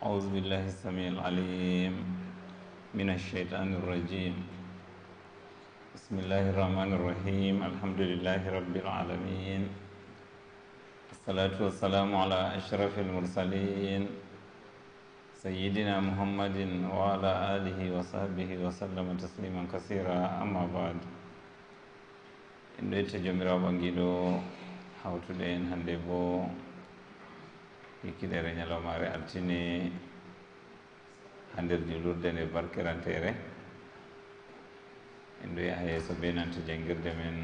أعوذ بالله السميع العليم من الشيطان الرجيم بسم الله الرحمن الرحيم الحمد لله رب العالمين الصلاة والسلام على أشرف المرسلين سيدنا محمد وعلى آله وصحبه وسلم تسليما كثيرا أما بعد إن جميرا بانجيدو how to hande hikkinere ñalawmaare altini hannder julurde nde barkiranteere en ɗo yaha yeeso ɓe nanta janngirde men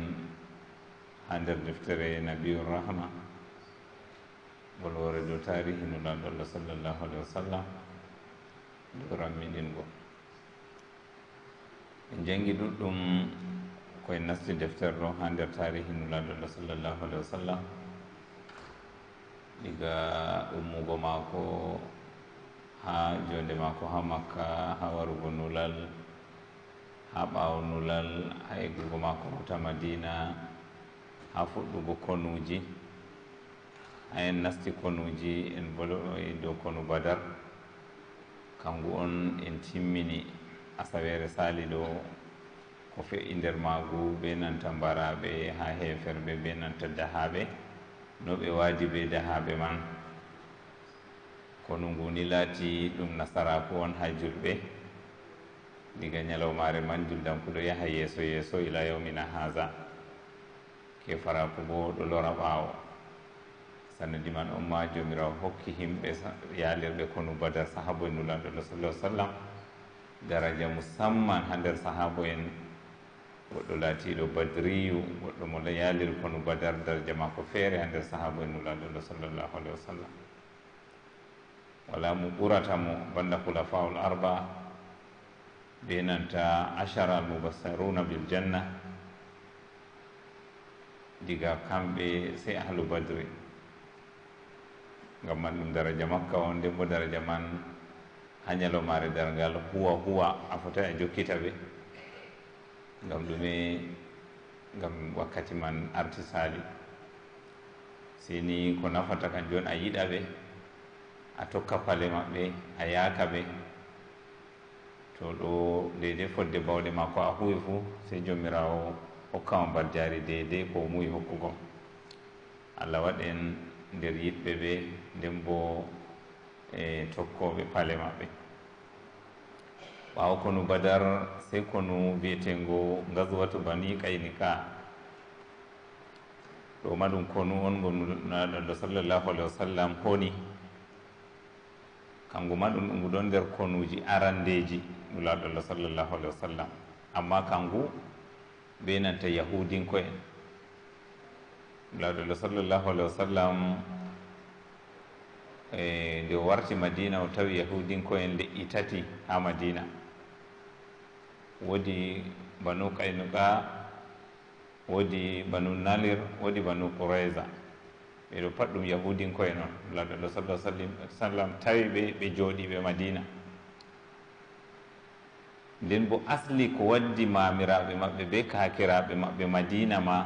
haa nder deftere nabiyul rahma ngolwoore dow tarihi nulalɗolla sallllahu alahi wa sallam dow ramminɗingo en janngi ɗuɗɗum koye nasti deftere ɗo haa nder tarihi nulalɗolla sallllahu alahi wa sallam diga ummugo maako ha jonde maako ha makka ha warugo nulal ha ɓawo nulal ha eggugo maako ta madina ha fuɗɗugo konuji ha en nasti konuji en boloe dow konu badar kangu on en timmini asawere sali ɗo ko fe'i nder maagu be nanta mbaraɓe ha heferɓe be nanta dahaɓe no ɓe waaji ɓe dahaaɓe man kono nguni laati ɗum nasaraku on ha julɓe diga ñalawmaare man juldankuɗo yaha yeeso yeeso ila yawmina haga ke faraku bo ɗo lora ɓaawo sanadi man on ma joomirawo hokki himɓe yaalirɓe kono badar sahaabo en nulanɗo lo sallah sallam daradia musamman ha nder sahaabo en goɗɗo laatiiɗo badriyu goɗɗo mo layaalir kono badar daraja ma ko feere hannder sahaabu en nulaaɗoɗo sallllahu alahi wa sallam wala mo ɓurata mo banda kulafaul arba be nanta achara almobassaruna bil janna diga kamɓe sey ahlu badri ngam man ɗum daraja makka on nden bo daraja man ha ñalomaare dargal huwa huwa a fotai a jokkita ɓe ngam ɗume ngam wakkati man arti sali sini ko nafata kan joni a yiɗa ɓe a tokka pale maɓɓe a yaaka ɓe to ɗo deydey fodde bawɗe ma ko a huwi fuu sey jomirawo hokkama baddiyari deydey ko muyi hokkugo allah waɗen nder yiɗɓe ɓe nden bo e tokkoɓe pale maɓɓe ɓawa konu badar sey konu wiyetengo gaswatu bani kaynika ɗo maɗum konu on gonu naɗoɗo sallllahu alah wa sallam honi kangu maɗum ɗumgu ɗon nder konuji arandeji nulaɗoɗo sallllahu alah wa sallam amma kangu be nanta yahudinko en nulaɗoɗo sallllahu alah wa sallam eh, nde warti madina o tawi yahudinko en le i tati ha madina wodi banu kainuka wodi banu nalir wodi banu kouraysa ɓeɗo pat ɗum yahudinkoye noon larɗo sallah sallim sallam tawi ɓe ɓe jooɗiɓe madina nden bo asli ko waddi mamiraɓe maɓɓe be kakiraɓe maɓɓe madina ma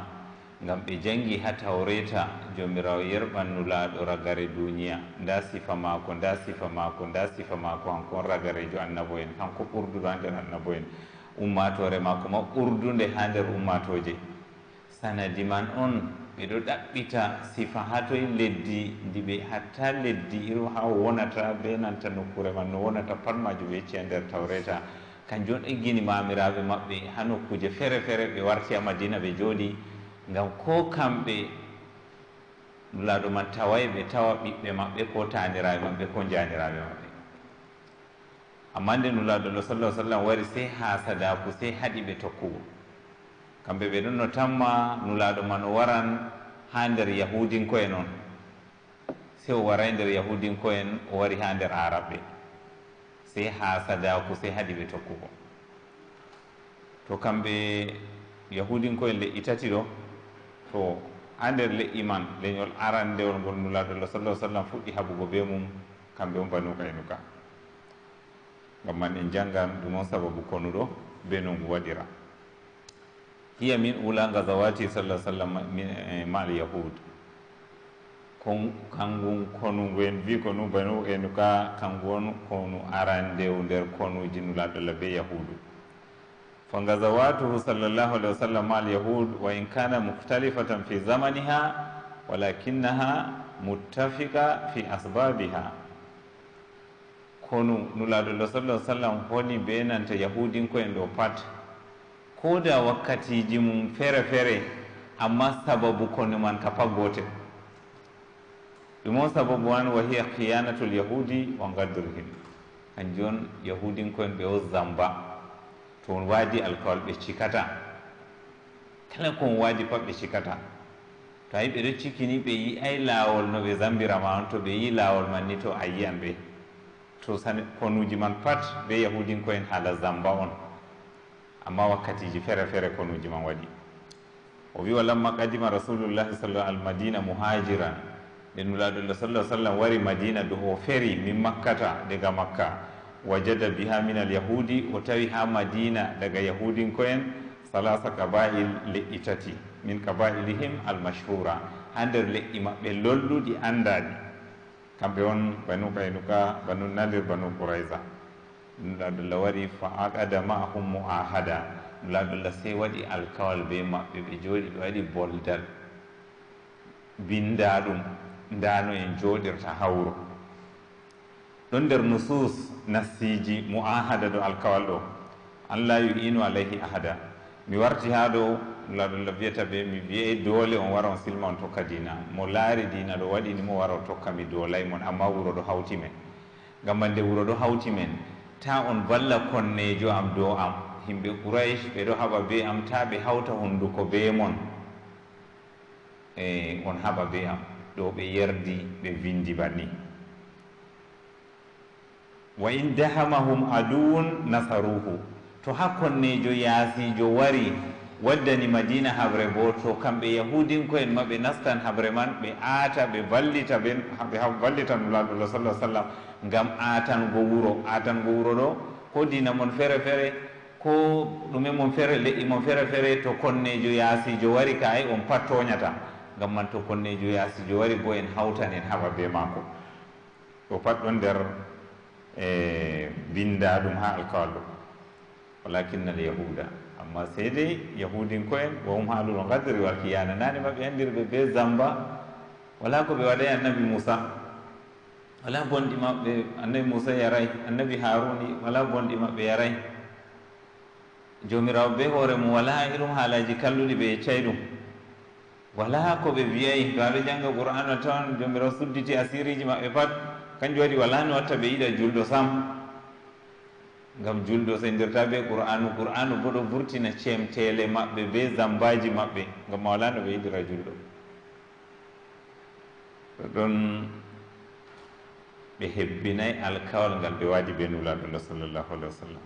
ngam ɓe jangi ha tawreta jomirawo yerɓan nulaɗo ragare duniya nda sifa mako nda sifa mako nda sifa mako hankon ragarejo annabo en hanko ɓurdura nder annabo en ummatore makko ma ɓurdude ha nder ummatoje sanadi man on ɓeɗo ɗaɓɓita sifa ha toye leddi ndi ɓe hatta leddi iru ha o wonata be nanta nokkure man no wonata pat majum yecciya e nder tawreta kanjum on eggini mamiraɓe maɓɓe ha nokkuje feere feere ɓe warti a madina ɓe jooɗi ngam ko kamɓe mulaɗo man tawayɓe tawa ɓiɓɓe maɓɓe ko taniraɓe maɓɓe ko janiraɓe maɓɓe amma nde no laaɗo no sallah sallam wari sey haa sadaku sey haɗi ɓe tokkugo kamɓe ɓe ɗon no tamma nulaaɗo ma no waran haa nder yahudinko'e noon sey o wara nder yahudinko'en o wari haa nder arabɓe sey haa sadaku sey haɗi ɓe tokkugo to kamɓe yahudinko'en le'i tati ɗo to ha nder le'i man leñol arandewol ngol nulaaɗo lo sallah sallam fuɗɗi haɓugo be mum kamɓe on banuka e nuka gam man en janggan ɗum on sababu konuɗo be no ngu waɗira hiya min ula gasawati sallah sallam mal e, yahud kangun konugu en wi ko nu banu en ka kangu on konu arandew nder konuji nu laɗɗallah be yahudu fo gasawatuhu sallllahu alih wa sallam maal yahud wa in kana moutalifatan fi zamaniha walakinnaha muttafiqa fi asbabiha hono nulaɗo sallah sallam honi be nanta yahudinkoen ɗo pat ko da wakkatiji mum feere feere amma sababu kono man ka pat gotel ɗum on sababu wan wa hiya khiyanatul yahudi wa gaddurhim kanjum on yahudinkoen ɓe o zamba to on waadi alkawal ɓe cikata kala ko on waadi pat ɓe cikata to ayi ɓeɗo cikini ɓe ay laawol no ɓe zambirama on to ɓe yi laawol man ni to a yiyan ɓe to konuji man pat be yahudinkoen haala zamba on amma wakkatiji feere feere konuji man waɗi o wiwa lamma qadima rasulullahi sall almadina muhajiran ɓe nulaɗo lah sall sallam wari madina do o feri min makkata daga makka wajada biha min alyahudi o tawi ha madina daga yahudinkoen salasa kabail leƴƴi tati min kabailihim almashhura ha nder leƴƴi maɓɓe lolluɗi andaɗi kamɓe on banu kaynuka banu nalir banu kouraysa ɗumlaɗulla waɗi fa aqada mahum moahada ɗumlaɗulla sey waɗi alkawal be maɓɓe ɓe jooɗi ɓe waɗi boldal binda ɗum ndano en jooɗirta hawro ɗon nder nusus nassiji mo ahada ɗo alkawal ɗo allah yu'inu alayhi ahada mi warti ha ɗo allahdulla wiyata ɓe mi wiyey doole on wara on silma on tokka dina mo laari dina ɗo waɗini mo wara o tokka mi doolay mon amma wuro ɗo hawti men ngam ma nde wuro ɗo hawti men ta on balla konnejo am dow am yimɓe qouraish ɓe ɗo haɓa be am ta ɓe hawta hunnduko be mon e on haɓa be am ɗo ɓe yerdi ɓe windi banni wa in dahamahum aduwun nasaruhu to ha konnejo yaasijo wari waddani madina habre bo to kamɓe yahudinko en maɓe nastan habre man ɓe aata ɓe vallita ɓen ɓe vallitan ulaɗullah sallah sallam ngam aatango wuro aatango wuro ɗo ko dina mon feere feere ko ɗume mon feere leƴƴi mon feere feere to konnejo yaasijo wari ka ay on pattoñata ngam man to konnejo yaasijo wari bo en hawtan en haɓa be maako o pat ɗon nder e eh, binda ɗum ha alkawal ɗo walakinna al yahuda ma yahudi yahudinko'en wahum haalul gadri wakiyana nane maɓe andirɓe be zamba wala ko be wadai annabi musa wala bonɗi maɓɓe annabi musa yarai annabi haruni wala bonɗi maɓɓe yarai jomirawo be hoore mum wala irum haalaji kalluɗi ɓe yeccay ɗum wala ko ɓe wiyayi to janga qur'an qur'ana tan jomirawo sudditi asiriji maɓɓe pat kanjum waɗi wala no watta ɓe yiɗa julɗo sam gam juldo sendirta be qur'anu qur'anu bo ɗo vurtina ceemteele maɓɓe be zambaji maɓɓe gam mawalano ɓe yiɗira julɗo to ɗon ɓe hebbinayi alkawal ngal ɓe waaji be nulaɗolo sallllahu alih wa sallam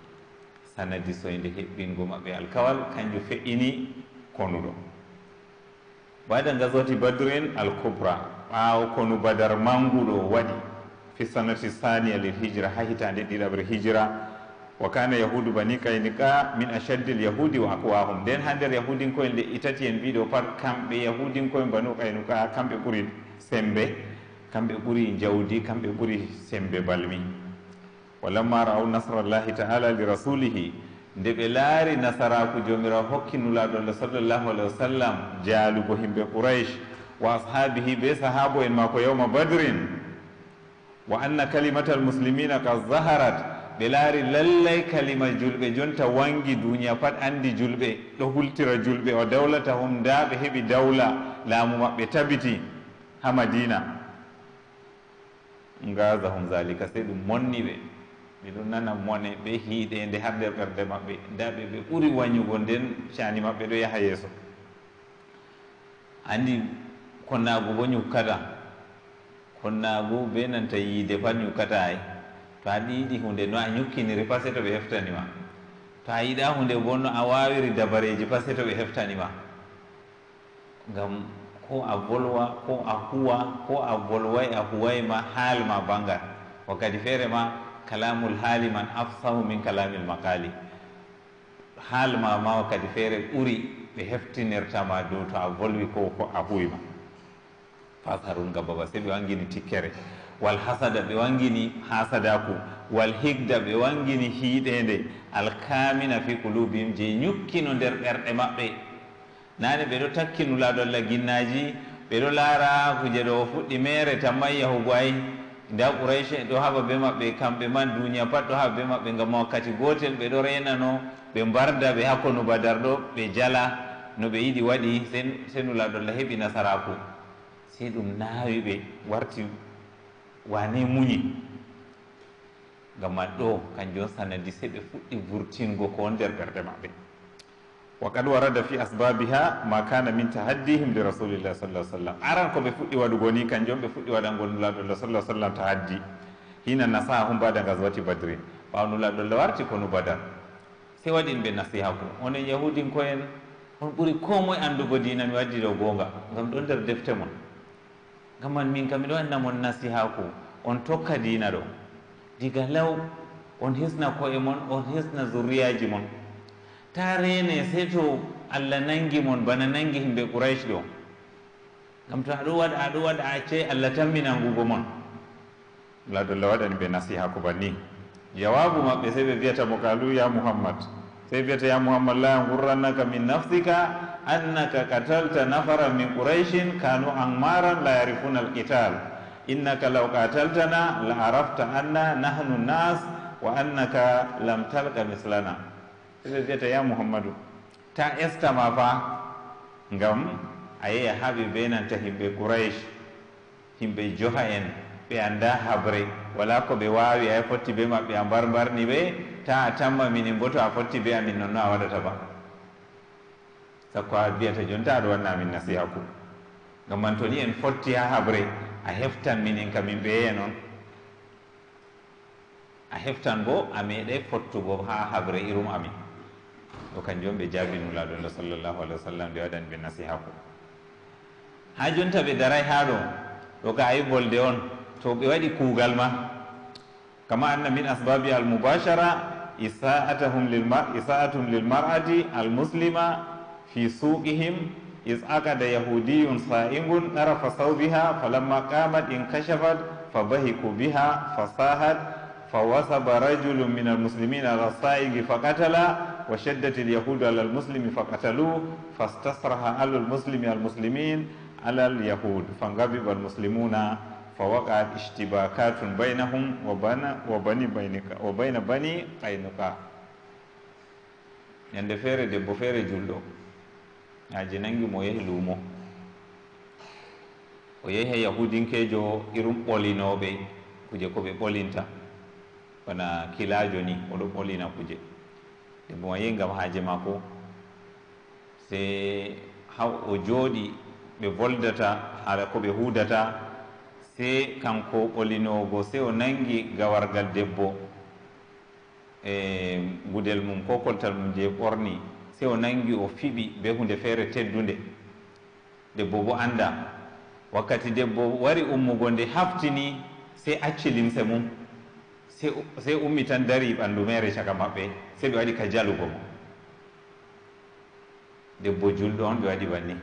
sanadi soyde heɓɓingo maɓɓe alkawal kanjum feƴini konuɗo baada gasoti badru en alcobra ɓaawo konu badar manguɗo waɗi fi sanati saniya lil hijra ha hitande ɗiɗaɓre hijra wa kana yahudu bani kainika min ashaddi alyahudi wa aqwahum nden ha yahudin ko le itati en mbiɗo pat kamɓe yahudinkoen banu kainuka kambe buri sembe kambe buri jawdi kambe buri sembe balmi walamma nasra nasrallahi taala li rasulihi nde ɓe laari nasaraku hokki hokkinulaɗo allah sallallahu alahi wa sallam ko himɓe quraish wa ashabihi be sahabo en mako yawma badrin wa anna kalimata almuslimina kad zaharat ɓe laari lallay kalima julɓe jonta wangi duniya pat andi julɓe ɗo hultira julɓe o dawlata hum da ɓe heɓi dawla laamu maɓɓe tabiti ha madina gasa hum zalika sey ɗum monni ɓe miɗon nana mone ɓe hiiɗende har nder ɓerde maɓɓe nda ɓe ɓe ɓuri wañugo nden caani maɓɓe ɗo yaha yeeso andi konnaagu bo ñukkata konnaagu be nanta yiide pat ñukkata ay to a ɗiiɗi hunde no a ñukkiniri pase to ɓe heftanima to a yiɗa hunde bonno a wawiri dabareji pase to ɓe heftanima ngam ko a bolwa ko a huwa ko a bolway a huway ma haal ma bangal wakkati feere ma kalamul haali man afsahu min kalamul makali haal ma ma wakkati feere ɓuri ɓe heftinirtama dow to a bolwi ko ko a huyma fasarunga baba se ɓe wangini tikkere wal hasada ɓe wangini hasadaku wal higda ɓe wangini hiiɗende alkamina fi kulubihim je ñukkino nder ɓerɗe maɓɓe nani ɓeɗo takki nulaɗolla ginnaji ɓeɗo laara kuje ɗo fuɗɗi mere tammay yahugo ay nda qouraysie ɗo haɓa be maɓɓe kamɓe man duniya pat ɗo haɓa be maɓɓe ngam wakkati gotel ɓeɗo renano ɓe mbarda ɓe hakkonu badar ɗo ɓe jala no ɓe yiɗi waɗi se nulaɗolla heɓi nasaraku sei ɗum nawi ɓe warti wane muñi gamma ɗo kanjum sanadi se ɓe fuɗɗi vurtingo ko nder ɓerde maɓɓe wa kad warada fi asbabiha ma kana min tahaddihim li rasulillah sallah sallam aran ko ɓe fuɗɗi waɗugo ni kanjon ɓe fuɗɗi waɗangol nulaɗolla sallah sallam tahaddi hina nasahum bada gaswati badrin ɓaw nulaɗolla warti konu badar se waɗin ɓe nasiha ko onen yahudin ko en on ɓuri ko moye andugo dina mi waddi ɗo gonga ngam ɗon nder defte mon kaman min kam miɗo anna mon nasihaku on tokka dina ɗo diga law on hisna koye mon on hisna zurriyaji mon ta rene sey to allah nangi mon bana nangi himɓe qouraish ɗo gam to aɗo waɗa aɗo waɗa accey allah tamminangugo mon ladolla waɗani ɓe nasihaku banni jawabu maɓɓe sey ɓe wiyata mo kalu ya mouhammad sey wiyata ya mouhammad la yangurrannaka min nafsika annaka katalta nafaran min quraishin kanu anmaran la yarifuna alqital innaka law qataltana la arafta anna nahnu nnas wa annaka lam talqa mislana ee wiyata ya muhammadou ta estama fa ngam a yeeya haaɓe benanta himɓe quraish himɓe joha en ɓe annda habre wala ko ɓe waawi ay fotti be maɓɓe a mbar mbarni ɓe ta a tamma minin boto a fotti be amin noon no a waɗata ba sabu ko a biyata jonta aɗa wannamin nasiha ku gam man toni en fotti ha habre a heftan minen kamin ɓeye noon a heftan bo a meeɗe fottugo ha habre irum amin o kanjum ɓe jabinulaɗoɗo sallllahu alah wa sallam ɓe waɗani ɓe nasiha ku ha jonta ɓe daray ha ɗo ɗo ka ay bolde on to ɓe waɗi kuugal ma kama anna min asbabi al mubachara isa'atahum lilmar'ati al muslima fi suqihim is akada yahudiyun sa'imun arafa saubiha falamma qamat inkashafat fabahiku biha fasahat fawasaba rajulun min almuslimin ala saigi faqatala washaddat alyahudu ala almuslimi faqataluh fastasraha ahlu lmuslimi almuslimin ala alyahud fangabiba almuslimuna fawaqat ishtibakatun bainahum wa baina bani qainuka ñande feere debbo feere julɗo aji nangi mo yehi lumo o yehi ha yahudinkejo irum ɓolinoɓe kuje ko ɓe ɓolinta wona kilajo ni oɗo ɓolina kuje debbo ma yehi gam haaje mako se ha o jooɗi ɓe voldata hala ko ɓe hudata se kanko ɓolinogo se o nangi gawargal debbo e gudel mum ko koltal mum je ɓorni sey o nangi o fiɓi be hunde feere teddunde debbo bo annda wakkati debbo wari ummugo nde haftini sey acci limse mum sey ummi tan dari ɓanndu mere caka maɓɓe sey ɓe waɗi ka jalugo mo debbo julɗo on ɓe waɗi wanni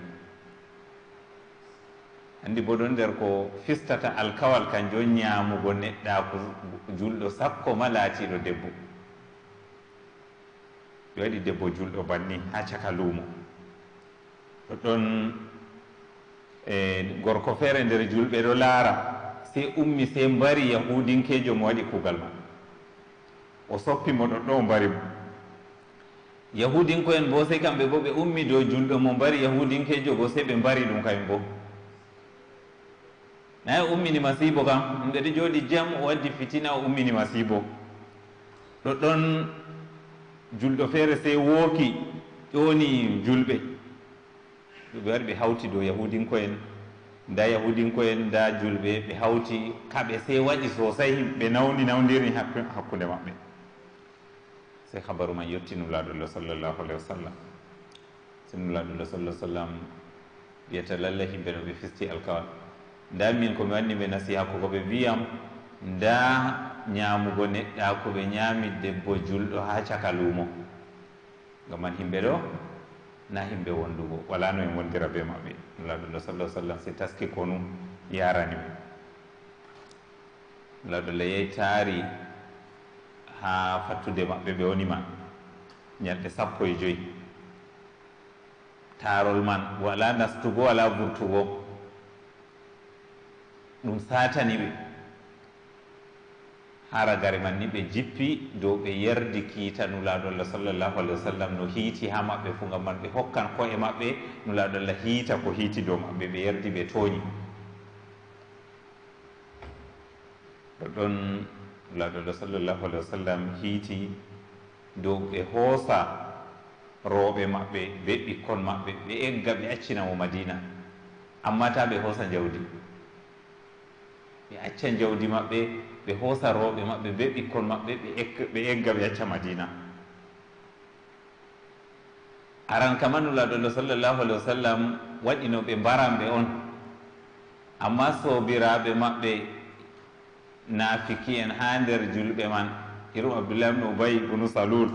anndi bo ɗon nder ko fistata alkawal kanjo ñaamugo neɗɗaku julɗo sappo ma laatiɗo debbo ɓe waɗi debbo julɗo banni ha caka luumo ɗoɗɗon e gorko feere nder julɓe ɗo laara sey ummi sey mbari yahudinkejo mo waɗi kuugal ma o soppi mo ɗoɗɗo o mbari mo yahudinko'en bo sey kamɓe bo ɓe ummi dow julɗo mo mbari yahudinkejo go sey ɓe mbari ɗum kaɓe bo nayi ummini masibo kam ɗum ɓeɗo jooɗi jam o waddi fitina o ummini masibo ɗoɗɗon julɗo feere se wooki ƴooni julɓe ɓe wari ɓe hawti dow yahudinko en nda yahudinko en nda julɓe ɓe hawti kaɓe se waɗi sosay ɓe nawdi nawdiri hakkunde maɓɓe se habaru man yettinu laɗullo sallllahu alah wa sallam sinu laɗullo sallah sallam wiyata lalla himɓe no ɓe fisti alkawal nda min komi wanni ɓe nasihakkoko ɓe mbiyam nda ñaamugo neɗɗaa ko ɓe ñaami debbo julɗo haa caka luumo gaman yimɓe ɗo na yimɓe wondugo walaa no e wondira bee maɓɓe laɗullo sallah sallam si taski konu yarani ɓe laɗullo yey taari haa fattude maɓɓe ɓe woni ma ñalɗe sappo e joyi taarol man walaa nastugo walaa vurtugo ɗum saatani ɓe aragare man ni ɓe jippi dow ɓe yerdi kiita nulaaɗo allah sallllahu alah wa sallam no hiiti ha maɓɓe fuu gam man ɓe hokkan koye maɓɓe nulaaɗo allah hiita ko hiiti dow maɓɓe ɓe yerdi ɓe tooñi o ɗon nulaaɗo allah sallllahu alah wa sallam hiiti dow ɓe hoosa rooɓe maɓɓe ɓe ɓikkon maɓɓe ɓe egga ɓe accina mo madina amma ta ɓe hoosa jawdi ɓe acca jawdi maɓɓe ɓe hoosa rooɓe maɓɓe be ɓikkol maɓɓe ɓe ek ɓe egga ɓe yacca madina aran kamanula ɗo lo sallllahu alih wa sallam waɗino ɓe mbaranɓe on amma soobiraaɓe maɓɓe naafiki en haa nder julɓe man irum abdoullahi bnu ubay bnu salul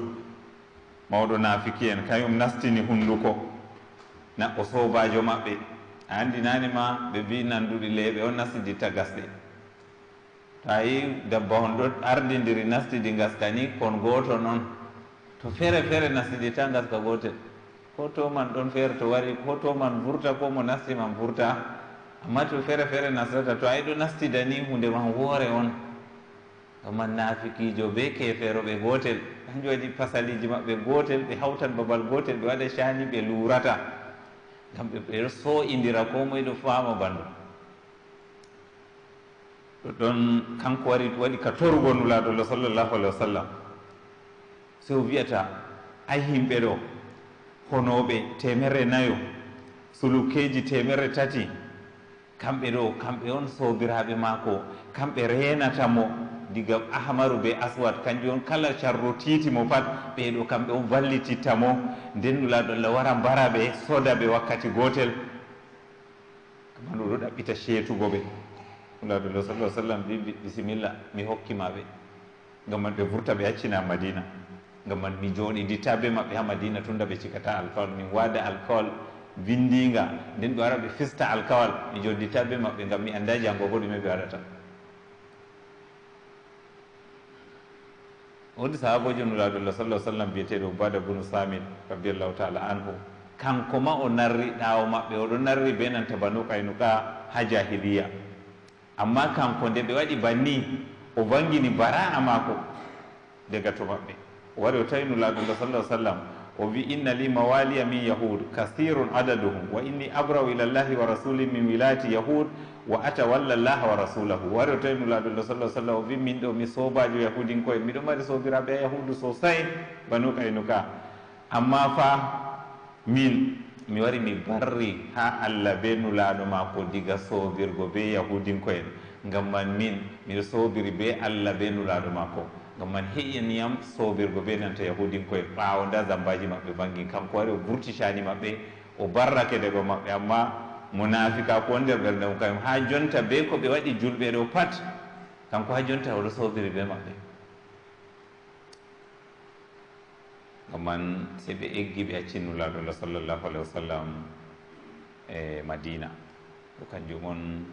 mawɗo naafiki en kañum nastini hunnduko naɓɓo soobaajo maɓɓe a anndi naani ma ɓe mbi nannduɗi leeɓe on nastiditta gasɗe so yi debbo on ɗo ardidiri nastidi gaska ni kon gooto noon to feere feere nastidi ta gaska gootel ko to man ɗon feere to wari ko to man vurta ko mo nasti man vurta amma to feere feere nastata to ayi ɗo nastida ni hunde man woore on oman nafikijo be keferoɓe gootel hanjum waɗi pasaliji maɓɓe gootel ɓe hawtan babal gootel ɓe waɗa cani ɓe lurata gam ɓeɗo so indira ko moye ɗo fama bandu to ɗon kanko wari waɗi ka torugo nulaaɗo lo sallllahu alahi wa sallam so o wiyata ay yimɓe ɗo honooɓe temere nayo sulukeeji temere tati kamɓe ɗo kamɓe on soobiraaɓe maako kamɓe reenata mo diga ahmaru be aswad kanjum on kala carro tiiti mo pat ɓeeɗo kamɓe on wallititta mo nden nulaaɗo allah wara mbara ɓe soda ɓe wakkati gootel kamanuɗo ɗaɓɓita seetugo ɓe ulaadulah sal ah sallam wi bisimilla mi hokkima ɓe ngam man ɓe vurta ɓe accina madina ngam man mi jooɗi dittaɓe maɓɓe ha madina tunda ɓe cikata alkawal min waada alkawal bindinga nden ɓe wara ɓe fista alkawal mi jooɗi dittaɓe maɓɓe ngam mi anda jango bo ɗume ɓe waɗata wodi sahaboji nulaadullah sal ah sallam biyeteɗo bada bunu samid rabiallahu taala anhu kanko ma o narri ɗawo maɓɓe oɗo narri be nanta banu kaynuka ha jahiliya amma kanko nde ɓe waɗi banni o vangini bara'a maako daga to maɓɓe wari o tawino laaɗullah sallah sallam o wi inna li mawaliya min yahud kathirun adaduhum wa inni abrau ila llahi wa rasuli min wilayati yahud wa atawalla llaha wa rasulahu wari o tawino laaɗullah sallah sallam o wi min ɗo mi sobajo yahudin koye miɗo mari sobiraɓe a e yahudu sosai banuka enuka amma fa min mi wari mi barri ha allah be nulaɗo mako diga sobirgo be yahudinkoyen gam man min miɗa sobiri be allah be nulaɗo mako gam man heƴaniyam sobirgo be nanta yahudinkoyen ɓawo nda zambaji mabɓe bangi kanko wari o vurticani mabɓe o barrake dego mabɓe amma munafika ko nder ɓerde mum kayum ha jonta be ko ɓe waɗi julɓeɗo pat kanko ha jonta oɗo sobiri be mabɓe o man se ɓe eggi ɓe accinnu laɗola sallllahu alah wa sallam e madina o kanjum on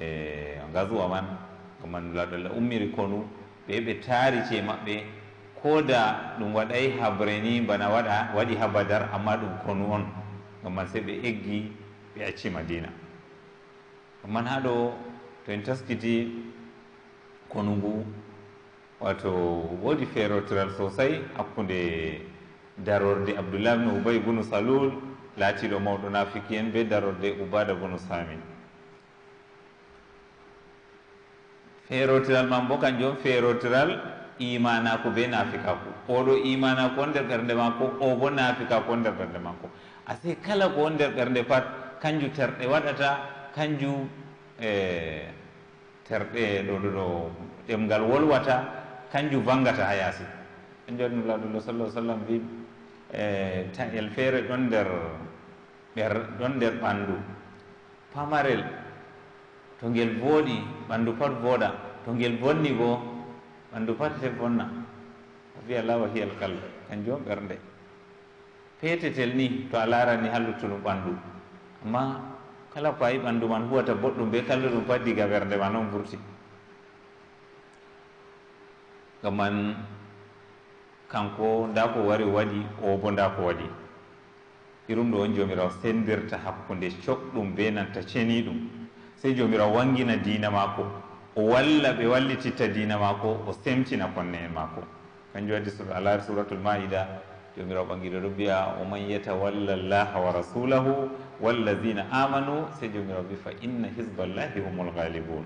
e gaswa man ko man laɗola ummiri konu ɓe ɓe taarice maɓɓe ko da ɗum waɗay habre ni bana waɗa waɗi ha badar amma ɗum konu on gomman se ɓe eggi ɓe acci madina o man haɗo to en taskiti konu ngu wato woodi feerotiral sosay hakkunde darorde abdoullah bne ubay bunu salul laatiɗo mawɗo nafiki en be darorde ubada bunu samin feerotiral man bo kan jom feerotiral imanako be nafikako oɗo imanako on nder ɓernde makko o bo nafikako on nder ɓernde makko asi kala ko on nder ɓernde pat kanju terɗe waɗata kanju eh, terɗe ɗoɗoɗo ɗemgal wolwata kanjum vangata ha yaasi kanjo waɗi nulaɗullo sall ah sallam wi e, tael feere ɗon nder ɓer ɗon nder ɓanndu pamarel to ngel booɗi ɓanndu pat booɗa to ngel bonni boo ɓanndu pat te bonna o wiya la wahiyal kal kanjum on ɓernde peetetel ni to a laarani ha luttuɗum ɓanndu amma kala ko ayi ɓanndu man huwata boɗɗum be kalluɗum pat diga ɓernde ma noon vurti kaman kanko nda ko wari waɗi o bo nda ko waɗi irum ɗo on jomirawo sendirta hakkunde coɗɗum be nanta ceni ɗum sey jomirawo wangina dina maako o walla ɓe wallititta dina maako o semtina konne en maako kanjum waddi a laari suratul maida jomirawo ɓangiɗo ɗo mbiya o man yata walla llaha wa rasulahu wallazina amanu sey jomirawo wi fa inna hizba llahi humul ghalibun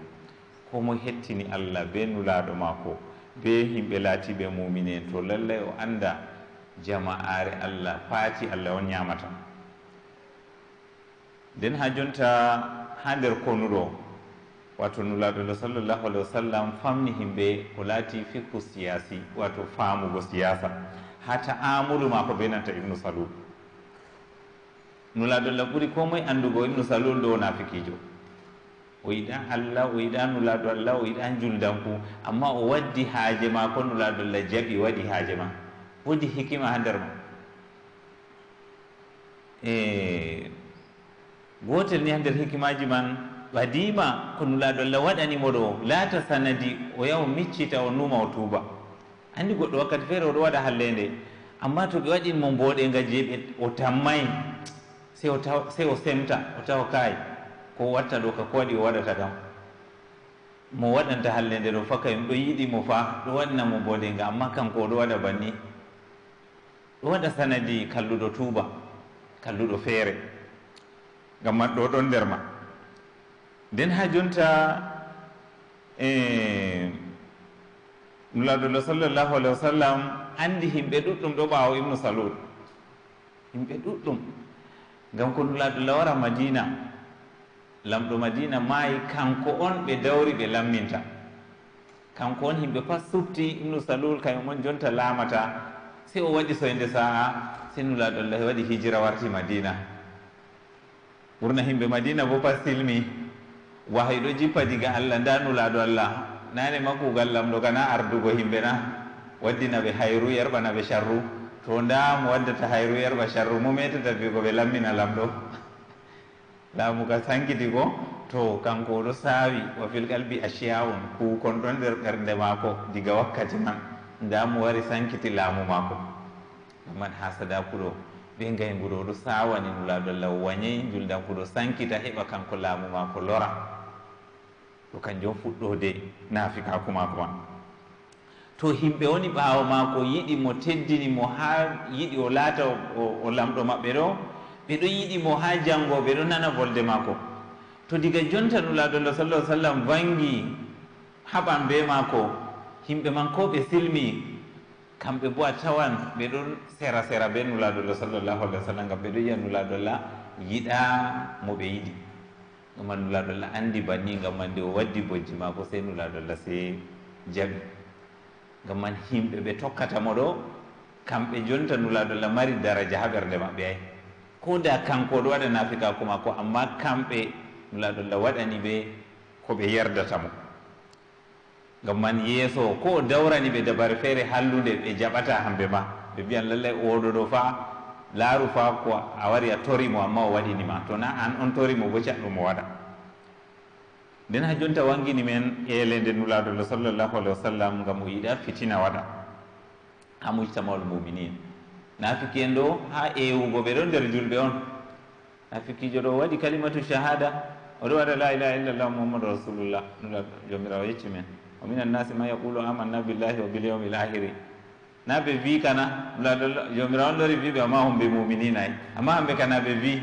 komo hettini allah be nulaɗo maako be yimɓe laatiɓe mumine en to lallay o anda jama'are allah paati allah on ñamata nden ha jonta ha nder konuɗo wato nulaɗo lo sallllahu alah wa sallam famni yimɓe ko laati fikku siyasi wato faamugo siyasa ha ta'amulu mako be nanta ibnu salul nulaɗo lah ɓuri ko moye anndugo ibnu salul ɗo wona fikijo o yiɗa allah o yiɗa nulaɗo allah o yiɗa juldanku amma o waddi haaje ma ko nulaɗo allah jaɓi waɗi haaje ma wodi hikima ha nder ma e gotel ni ha nder hikimaji man ɓadima ko nulaɗo allah waɗanimo ɗo laata sanadi o yaw miccita o numa o tuuba andi goɗɗo wakkati feere oɗo waɗa hallende amma to ɓe waɗinmo mboɗe ngaje ɓe o tammay sei o semta o tawa kaye ko watta ɗo ka ko waɗi o waɗata kam mo waɗanta halle nde ɗo fa kayum ɗo yiɗi mo fa ɗo waɗna mo bolinga amma kanko oɗo waɗa banni ɗo waɗa sanadi kalluɗo tuuba kalluɗo feere ngam man ɗo ɗon nder ma nden ha jonta e mlaɗullah sallllahu alah wa sallam andi himɓe ɗuɗɗum ɗo ɓawo ibnu salud himɓe ɗuɗɗum ngam ko mlaɗullah wara madina lamɗo madina maayi kanko on ɓe dawri ɓe lamminta kanko on yimɓe pat subti ibnu salul kañum on jonta laamata sey o waɗi soyde saa senulaɗoallahi waɗi hijira warti madina ɓurna yimɓe madina bo pat silmi wahay ɗo jippa diga allah nda nulaɗo allah nane makkugal lamɗo kana ardugo yimɓe na waddina ɓe hayru yerɓana ɓe charru to ndamo waddata hayru yerɓa charru mo metata bigo ɓe lammina lamɗo laamu ka sankiti ko to kanko oɗo saawi wa filkalbi aciyawun kuukon ɗon nder ɓernde maako diga wakkati man ndamo wari sankiti laamu maako ɗuman ha sadakuɗo ɓe gayguɗo oɗo sawani nulaɗollah wañayi julɗan kuɗo sankita heɓa kanko laamu maako lora to kanjum fuɗɗo de naafikaku maako ma to himɓe woni ɓaawo maako yiɗi mo teddini mo ha yiɗi o laata o lamɗo maɓɓe ɗo ɓe ɗo yiɗi mo haa janngo ɓe ɗo nana volde maako to diga jonta nulaadolla sall sallam vangi haɓan bee maako yimɓe man ko ɓe silmi kamɓe bo a tawan ɓe ɗon sera sera bee nulaadolla sallllahu alih wa sallam ngam ɓe ɗo yiya nulaadolla yiɗaa mo ɓe yiɗi ɗuma nulaadolla anndi banni ngam man nde o waddi bojji maako sey nulaadolla sey jaɓi ngam man yimɓe ɓe tokkata mo ɗo kamɓe jonta nulaadolla mari daraja haa ɓernde maɓɓe ayi hunde a kanko o ɗo waɗa nafika kuma ko amma kamɓe mulaɗulla waɗani ɓe ko ɓe yerdatamo ngam man yeeso ko o dawrani ɓe dabare feere hallude ɓe jaɓata hamɓe ma ɓe mbiyan lallay oɗo ɗo faa laaru faa ko a wari a torimo amma o waɗinima to na an on torimo bo caɗɗumo waɗa nden ha jonta wangini men elende nulaadullah sallllahu alah wa sallam ngam o yiɗa fitina waɗa ha mujtamaol muminine nafiki'en ɗo ha ewugo ɓe ɗon nder julɓe on nafikijo ɗo waɗi kalimatu shahada oɗo waɗa la ilaha illallah muhammadu rasulullah nula jomirawo yecci men wa min annasi man yaqulu amanna billahi wa bil yawmi l ahiri na ɓe wi kana nula jomirawo lori wiɓe amma homɓe mumininayi amma hamɓe kana ɓe wi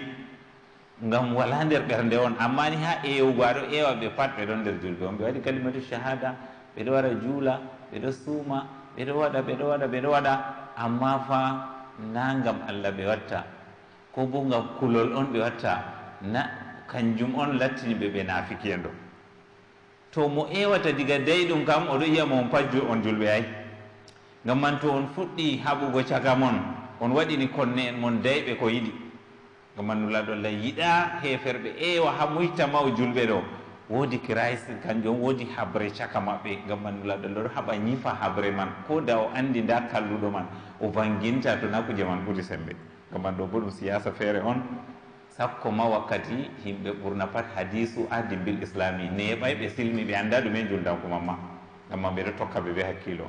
ngam wala nder ɓernde on amma ni ha ewugo aɗo ewa ɓe pat ɓe ɗon nder julɓe on ɓe waɗi kalimatu shahada ɓeɗo waɗa juula ɓeɗo suuma ɓeɗo waɗa ɓeɗo waɗa ɓeɗo waɗa amma fa nangam allah ɓe watta ko bo ngam kulol on ɓe watta na kanjum on lattini ɓe ɓe nafikendo to mo ewata diga dayi ɗum kam oɗo yiya mo on pajjo on julɓe ay ngam man to on fuɗɗi haɓugo caga mon on waɗini konne en mon dayɓe ko yiɗi ngam man nulaɗo lah yiɗa heferɓe ewa ha muyta maw julɓe ɗo woodi christ kanjum woodi habre caka maɓɓe gam manulaɗo loɗo haɓa ñifa habre man ko da o andi nda kalluɗo man o vanginta tona kuje man ɓuuri sembe gam man ɗo bo ɗum siyasa feere on sakko ma wakkati yimɓe ɓurna pat hadisu adi bil islami neɓay ɓe silmi ɓe anda ɗumen juldankuma ma gam ma ɓeɗo tokka ɓe ɓe hakkilo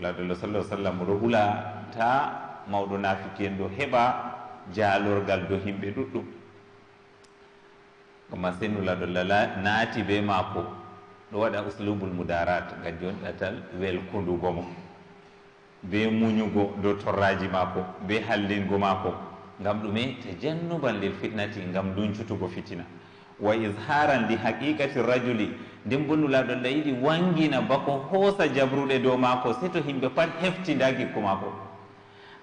ladolo sallah ah sallam oɗo hula ta mawɗo nafiki en ɗo heɓa jalorgal do himɓe ɗuɗɗum ko masinu ladolala naati be maako ɗo waɗa uslubul mudarat gan joni ɗatal welkundugo mo be muñugo do torraji maako be hallingo maako ngam ɗume tajannuban lil fitnati ngam duncutugo fitina wa ishara li haqiqati rajuli nden bonnulaɗo layiɗi wangina bako hoosa jabruɗe dow maako se to himɓe pat heftidagikku maako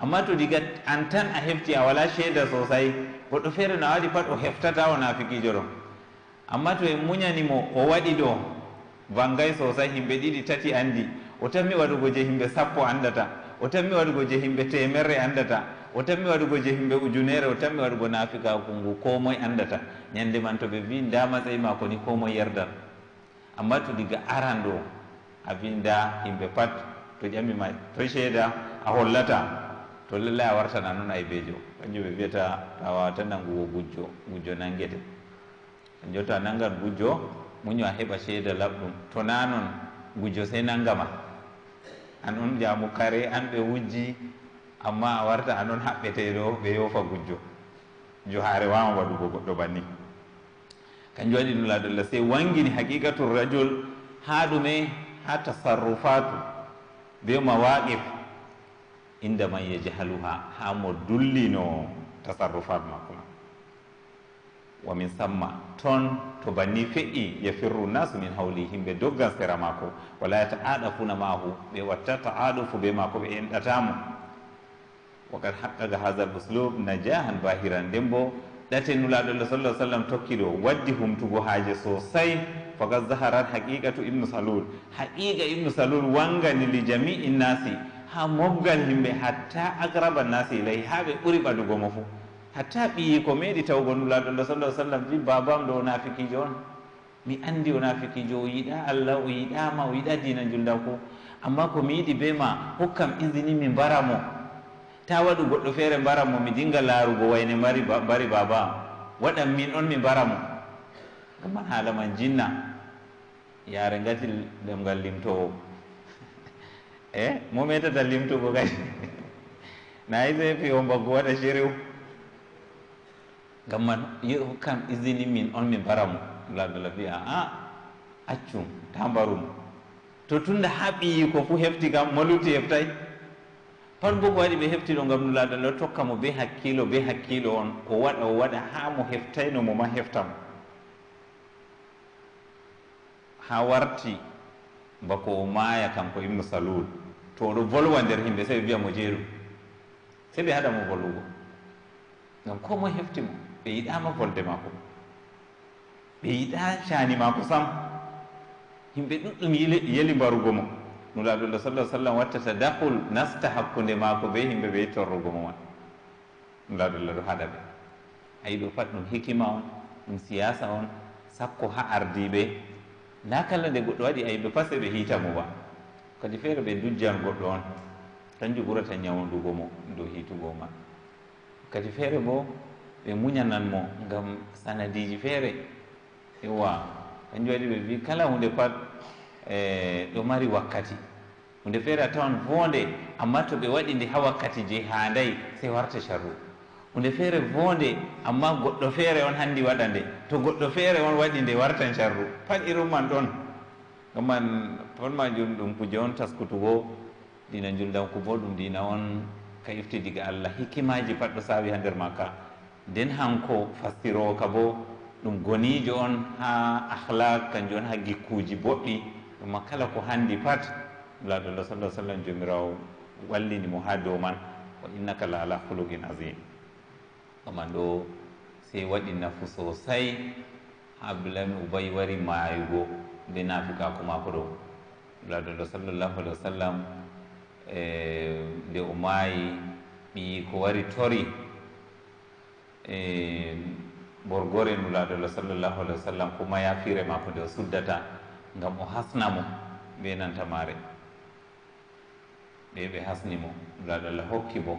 amma to diga an tan a hefti a wala ceeda sosay goɗɗo feere no a waɗi pat o heftata o nafikiijo ɗon amma to e muñanimo o waɗi ɗo vangay sosay himɓe ɗiɗi tati anndi o tanmi waɗugo je himɓe sappo anndata o tanmi waɗugo je himɓe temerre anndata o tanmi waɗugo je himɓe ujunere o tanmi waɗugo nafikaku ngu ko moye anndata ñannde man to ɓe mbi nda matsayi ma ko ni ko moye yerdan amma to diga aran ɗo a wi nda himɓe pat to ƴamima preceda a hollata to lalla a nanu noon ay beejo kanjum ɓe wiyata a wawata nangugo gujjo gujjo nangete kanjo to a nangan gujjo muño a heɓa ceeda laɓɗum to na noon gujjo sey nangama an on jaamu kare an ɓe wujji amma a warta anon haɓɓeteɗo ɓe yofa gujjo jo haare wawa waɗugo goɗɗo banni kanjum waɗi ɗum laadollah sey wangini haqiqatu rajul ha ɗume ha tasarrufatu be mawaqif inde man ye jahaluha ha mo dullino tasarrufat makko ma wa min samma toon to banni feƴƴi yafirru nasu min hawli himɓe doggan sera maako wala yata aɗa funa maahu ɓe watta ta aɗo fu be maako ɓe enɗatamo wakat haqqaga hasal uslub najahan bahiran nden bo ɗate nulaɗo lah sallah sallam tokki ɗo waddi humtugo haaji sosay fakat zaharat haqiqatu ibnu salul haqiqa ibnu salul wangani li jami'i nasi haa mobgal yimɓe hatta agraba nasi ilay haa ɓe ɓuri ɓandugo mo fo hatta ɓiyi ko meeɗi tawgo nulaɗo lah sala sallam wi babam ɗo onafikijo on mi anndi onafikijo o yiɗa allah o yiɗama o yiɗa dina julda ko amma ko mi yiɗi be ma hokkam isini mi mbara mo ta waɗu goɗɗo feere mbara mo mi dinga laarugo wayne mari mbari baba am waɗan min on mi mbara mo gamman haala man jinna yaare ngati ɗemgal limtowo eh momete talli mtuko kai na hizo piomba kuwata shiriu gamman yo kam izini min on min baramu lagala biya a accum tambarum to tunda ha ko fu hefti kam maluti heftai pan bo ko waɗi ɓe hefti ɗo ngam la dalo tokka mo be hakkilo be hakkilo on ko waɗa o waɗa ha mo no mo ma heftamo ha warti bako o maaya kanko ibnu salul to oɗo volwa nder himɓe sey ɓe wiya mo jeeru sey ɓe haɗa mo volugo ngam ko moe hefti mo ɓe yiɗama volde maako ɓe yiɗa caani maako sam yimɓe ɗuɗɗum yeli mbarugo mo nulaɗullah sallah sallam wattata dakul nasta hakkunde maako ɓe yimɓe ɓe torrugo mo wan nulaɗullah ɗo haɗa ɓe ayi ɗo pat ɗum hikima on ɗum siyasa on sakko ha ardiɓe na kala nde goɗɗo waɗi ayimɓe pasɗe ɓe hiitamo ba kadi feere ɓe dujjan goɗɗo on kanju ɓurata ñawndugo mo dow hiitugo ma kadi feere bo ɓe muñanan mo ngam sanadiji feere iwa kanju waɗi ɓe mbi kala hunde pat e, ɗo mari wakkati hunde feere a tawan fonde amma to ɓe waɗi nde ha wakkati je haanday sey warta charru hunde feere voonde amma goɗɗo feere on hanndi waɗa nde to goɗɗo feere on waɗi nde wartan carru pat irum man ɗon gomman pon majum ɗum kuje on taskutugo dina juldanku bo ɗum dina on ka ifti diga allah hikimaji patɗo saawi ha nder makka nden hanko fastirowo ka bo ɗum gonijo on ha ahlak kanjum on ha gikkuji boɗɗi ɗumma kala ko handi pat laɗo allah sallah sallam jomirawo wallini mo ha dow man wa innaka la ala khuluqin asim kama ɗo sey waɗi nafu sosay haa bilami ubay wari maayugo nde naafi kaako maako ɗo laɗoɗo sallllahu alih wa sallam e, nde o maayi ɓii ko wari tori e borgore nu laɗoɗo sallllahu alih wa sallam ko maya fiire maako nde o suddata ngam o hasna mo ɓe nanta maare ɓe ɓe hasni mo laɗo allah hokki bo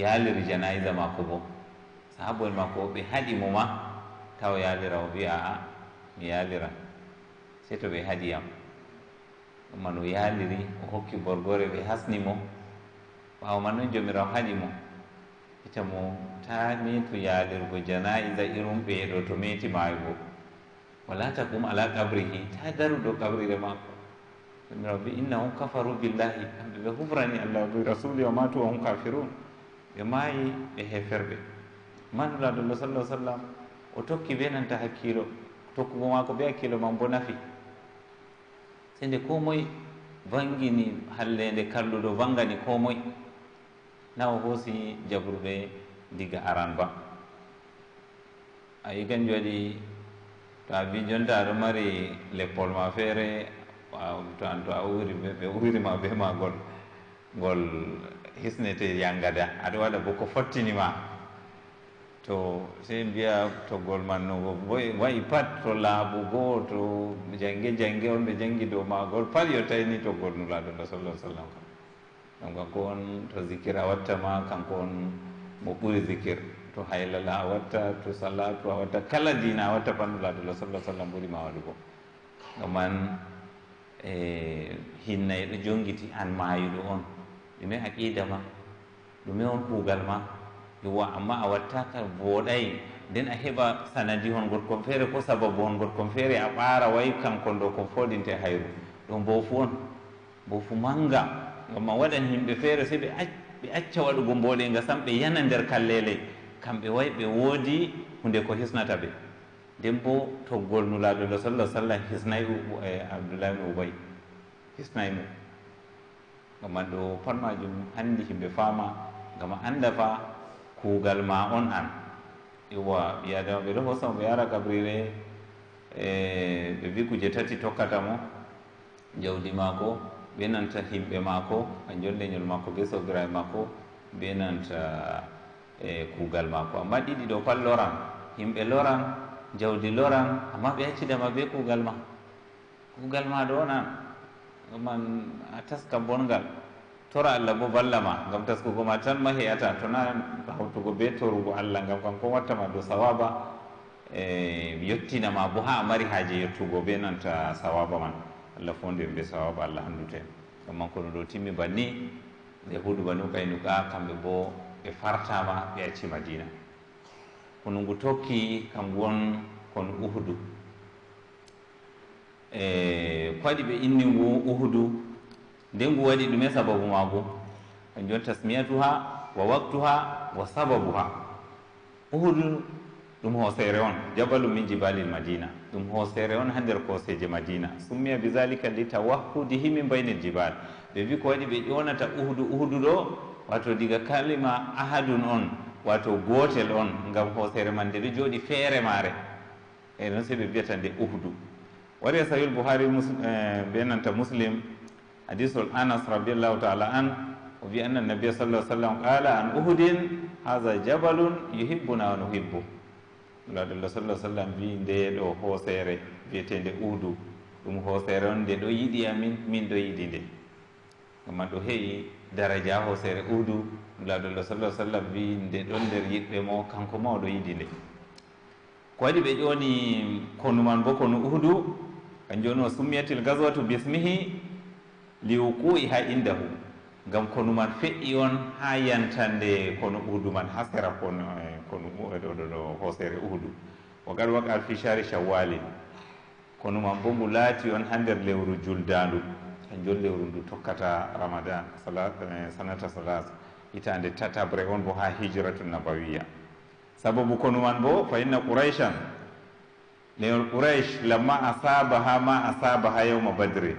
yaaliri janaiza maako bo habol makko ɓe haɗi mo ma taw yaalira o wiya aa mi yaaliran sey to ɓe haɗiyam ɗuman o yaaliri o hokki borgore ɓe hasni mo ɓaawo man noon joomiraw haɗi mo ita mo ta metu yaalirgo janaiza irum ɓeeɗo to meti maayugo wala takum ala kabrihi ta daruɗo kabrire makko joomiraw bi innahum kafaru billahi kamɓe ɓe hufrani allah bi rasuli o matu o hum kafirun ɓe maayi ɓe heferɓe mannulaadullo sallah sallam o tokki benanta hakkiilo tokkugo maa ko be hakkiilo man bo nafi se nde ko moye vanngini hallende kalluɗo vanngani ko moye na o hoosi jaburɓe ndiga aran ba ayi kan jooɗi to a bi jonta aɗo mari leppol ma feere toan to a uri ɓe uurima be magol ngol hisnete yangada aɗa waɗa bo ko fottini maa to sey mbiya toggol man no wayi pat to laaɓu goo to jange jange on ɓe jangi dow maagol pat yo tawini toggol nulaaɗola sallah sallam kam donc kanko on to zikir a wattama kanko on mo ɓuri zikir to haylala a watta to salatu a watta kala dina a watta pat nulaaɗola sallah sallam ɓuri ma waɗugo o man e hinnayi e ɗo jongiti an maayuɗo on ɗume aqida ma ɗume on kuugal ma yowa amma a wattaka vooɗay nden a heɓa sanadi hon gorkon feere ko sababu hon gorkon feere a ɓaara wayi kankon ɗo ko fooɗinte hayru ɗo mbofu on mbofu manga gam ma waɗan yimɓe feere so ɓe ɓe acca waɗugo mboɗenga sam ɓe yana nder kallele kamɓe wayi ɓe woodi hunde ko hisnata ɓe nden bo toggol nulaɓe lo sallah sallam hisnayi e abdoullahi ɓe ubayi hisnay mum gam ma ɗo pat majum anndi himɓe faama gam a annda faa kuugal ma on an iwa ɓi adama ɓe ɗo hosamo ɓe yara kabrire e ɓe wi kuje tati tokkata mo jawdi maako ɓe nanta himɓe maako a e jolleñol makko be sobiraɓe makko ɓe nanta e kuugal maako amma ɗiɗi ɗo pat loran himɓe loran jawdi loran amma ɓe accidama be kuugal ma kuugal ma ɗo on an man a taska bongal toro allah bo ballama ngam taskugo ma tan ma heyata tona hawtugo be torugo allah ngam kanko wattama do sawaba e yettinama bo ha mari haaji yettugo be nanta sawaba man allah fondi en be sawaba allah handute gamman kono ɗo timmi banni yahudu bani ukaynuka kamɓe bo ɓe fartama ɓe acci madina kono ngu tokki kangu won kono uhudu e ko waɗi ɓe inni ngu uhudu ndengu waɗi ɗume sababu maagum kan tasmiyatu ha wa ha wa sababu ha uhudu ɗum hoosere on jabalu min jibalil madina ɗum hoosere on ha nder kooseje madina summiya bi zalika li tawahhudihi min baynil jibal ɓe wi ko waɗi ɓe ƴonata uhudu uhudu ɗo wato diga kalima ahadun on wato gotel on ngam hoosere man nde ɗo jooɗi feere maare e noon se ɓe mbiyata nde uhudu wari e sahil bouhari eh, be nanta muslim hadisul anas radiallahu taala an o wi anna nabia sall ah sallam qala an uhudin haha jabalun yuhibbuna wa nuhibbu ulaadulla sall ah sallam wi nde ɗo hooseere wiyetende uudu ɗum hooseere on nde ɗo yiɗi amin min ɗo yiɗi nde gama ɗo heƴi daraja hooseere uudu ulaadulla sall ah sallam wi nde ɗon nder yiɗɓe mo kanko ma oɗo yiɗi nde ko waɗi ɓe ƴooni konnuman bo kono uhdu kanjooni o summiyatil gaswatu bismihi ha indahu ngam kono man feƴƴi on ha yantande kono uhudu man ha sera kono eh, kono eh, ɗoɗo ɗo hoosere uhudu o gad wak alfichari shawalin kono man bo ngu laati on ha nder lewru juldandu jon lewru ndu tokkata ramadan eh, sanata salas hitande tatabre on bo ha hijratu nabawiya sababu kono man bo fa inna qouraichan lewol qouraish lamma ha ma ha yawma badrin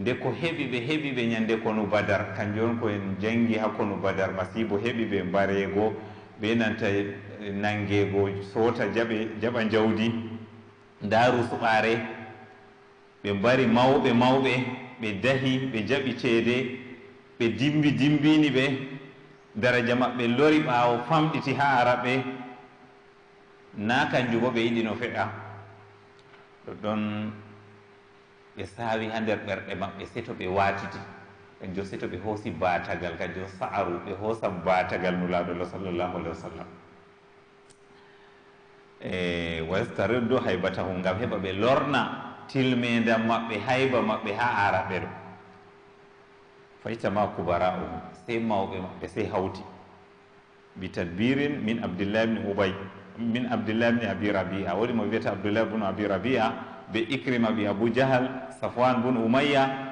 nde ko heɓi ɓe heɓi ɓe ñande kono badar kanjo on koen jangi hakkono badar masibo heɓi ɓe mbareego ɓe nanta e, e nangeego soota jaɓe jaɓa jawdi ndaaru suɓaare ɓe mbari mawɓe mawɓe ɓe dahi ɓe jaɓi ceede ɓe dimbi dimbini ɓe daraja maɓɓe lori ɓaawo famɗiti haa araɓɓe naa kanjum bo ɓe yiɗino feɗa ɗoɗɗon ɓe saawi haa nder ɓerɗe maɓɓe se to ɓe waatiti kanjo se to ɓe hoosi baatagal kanjo sa'aru ɓe hoosa baatagal nulaaɗolo sallllahu alahi wa sallam e wastaruddu haybatahu ngam heɓa ɓe lorna tilmeendan maɓɓe hayba maɓɓe haa aara ɓe ɗo faytama kubara um se mawɓe maɓɓe se hawti bi tadbirin min abdillah bni ubay min abdillah bni abi rabia woni mo wiyata abdullah bnu abi rabia be ikrima bi abou jahal safoan bun oumayya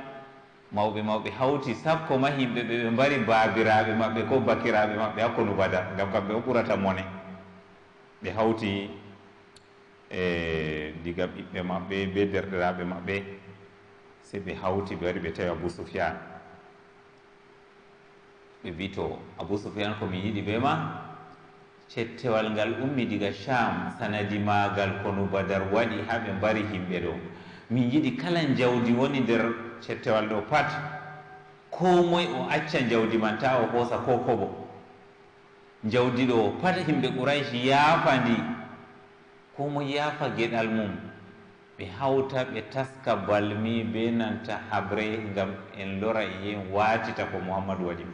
mawɓe mawɓe hawti sappo ma himɓe ɓe ɓe mbari baabiraɓe maɓɓe ko bakiraɓe maɓɓe hakkonu bada ngam kamɓe o ɓurata mone ɓe hawti e diga ɓiɓɓe maɓɓe be derɗiraɓe maɓɓe se ɓe hawti ɓe wari ɓe tawi abou soufiane ɓe wi to abou soufiane komin yiɗi ɓe ma cettewal ngal ummi diga cham sanadi magal kono badar waɗi ha ɓe mbari himɓe ɗo min jiɗi kala jawdi woni nder cettewal ɗo pat ko moye o acca jawdi man ta o hoosa ko koɓo jawdi ɗo pat himɓe qouraysh yaafa ndi ko moye yaafa geɗal mum ɓe hawta ɓe taska balmi be nanta habre ngam en lora e yen waatita ko mouhammadou waɗi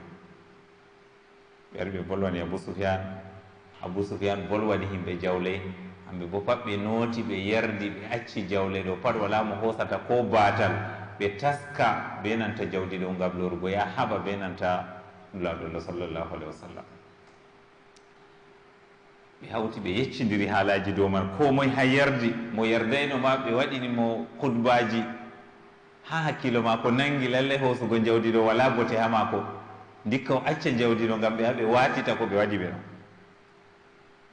ɓerɓe bolwani abou soufiane abou soufiane bolwani himɓe jawle hamɓe bo pat ɓe nooti ɓe yerdi ɓe acci jawle ɗo pat wala mo hosata ko batal ɓe taska be nanta jawdi ɗo ngam lorugo ya haɓa be nanta laɗollo sallllahu alahi wa sallam ɓe hawti ɓe yeccidiri haalaji dow man ko moye ha yerdi mo yerdayno ma ɓe waɗinimo kutbaji ha hakkilo ma ko nangi lallay hosugo jawdi ɗo wala bote ha mako ndikka o acca jawdi ɗo ngam ɓe ha ɓe watita ko ɓe waɗi ɓe ɗon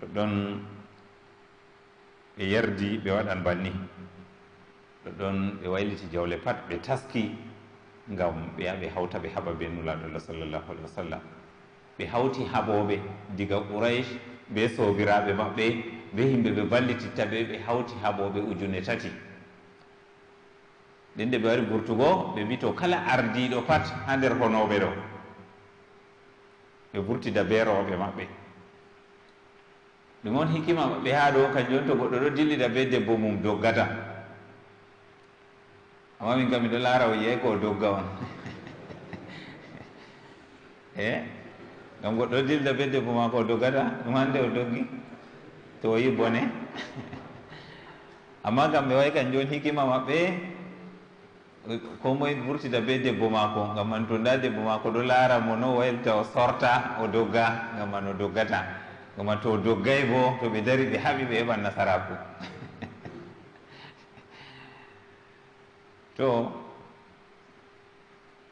ɗoɗɗon ɓe yardi ɓe waɗan banni ɗoɗɗon ɓe wayliti jawle pat ɓe taski ngam ɓe ya ɓe hawta ɓe haɓa be nulaɗoallah sallllahu alih wa sallam ɓe hawti haɓooɓe diga qouraish be soobiraaɓe maɓɓe be yimɓe ɓe ballititta ɓe ɓe hawti haɓooɓe ujune tati nden nde ɓe wari gurtugo ɓe mbi to kala ardiiɗo pat haa nder honooɓe ɗo ɓe vurtida beerooɓe maɓɓe ɗum on hikima maɓɓe haa ɗo kañum on to goɗɗo ɗo dillida be debbo mum doggata amma min kam miɗo laara o yeey ko o dogga on e ngam goɗɗo ɗo dillida be debbo maa ko o doggata ɗum hannde o doggi to o yi bone amma kam ɓe way kañum on hikima maɓɓe ko moye wurtida be debbo maako ngam an tunda debbo maako ɗo laara mo no waylta o sorta o dogga ngam an o doggata goma to doggay bo to ɓe dari ɓe haɓi ɓe heɓan nasaraku to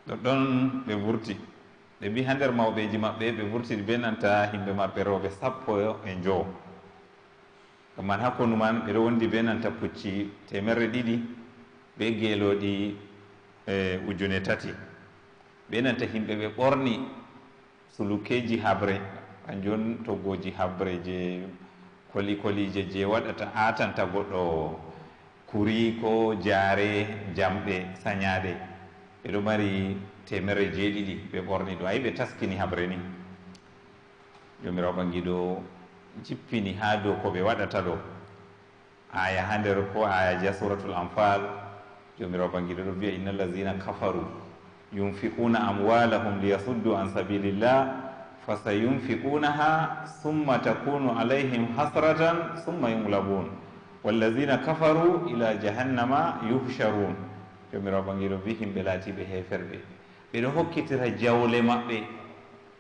ɗo ɗon ɓe wurti ɓe mbi ha nder mawɓeji maɓɓe ɓe wurti be nanta yimɓe maɓɓe rewɓe sappo e joo ɗuman hakkundu man ɓeɗo wondi be nanta pucci temerre ɗiɗi ɓe geeloɗi e ujune tati ɓe nanta yimɓe ɓe ɓorni sulukeji habre to goji habre je koli koli je waɗata atanta goɗɗo kuri ko jambe sanyade sañaɗe ɓeɗo mari temere jeeɗiɗi ɓe ɓorni ɗo ayi ɓe taskini habre ni jomirawo ɓangiɗo jippini ha dow ko ɓe waɗata ɗo aya ha nder ko aya ja suratul anfal jomirawo ɓangiɗo ɗo bi inna allazina kafaru yunfiquna amwalahum liyasuddu an sabilillah fasayunfikunaha summa takunu alayhim hasratan summa yunglabun wallazina kafaru ila jahannama yuhsharun jomirao ɓangiro wi himɓe laatiɓe heferɓe ɓeɗo hokkitira jawle maɓɓe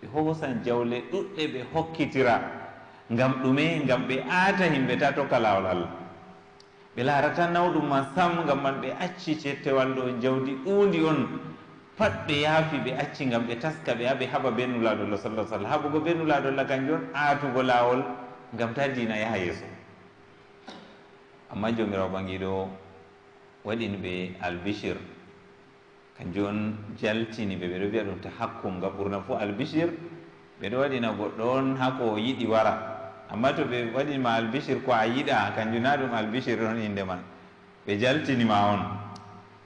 ɓe hosan jawle ɗuɗɗe ɓe hokkitira ngam ɗume ngam ɓe aata himɓe ta tokka laawol allah ɓe laarata nawɗum ma sam ngam man ɓe acci cettewal ɗo jawdi ɗuundi on pat ɓe yaafi ɓe acci ngam ɓe taska ɓe yaa ɓe haɓa bennulaaɗo lah sala sallm haɓugo bennulaaɗo lah kan jon aatugo laawol ngam ta diina yaha yeeso amma joomiraw ɓangiiɗo waɗini ɓe albichir kan joon jaltini ɓe ɓe ɗo wiya ɗum ta hakkum nga ɓurna fof albichir ɓe ɗo waɗina goɗɗo on haa ko yiɗi wara amma to ɓe waɗinima albichir ko a yiɗa kanjum naa ɗum albichir on innde man ɓe jaltinima on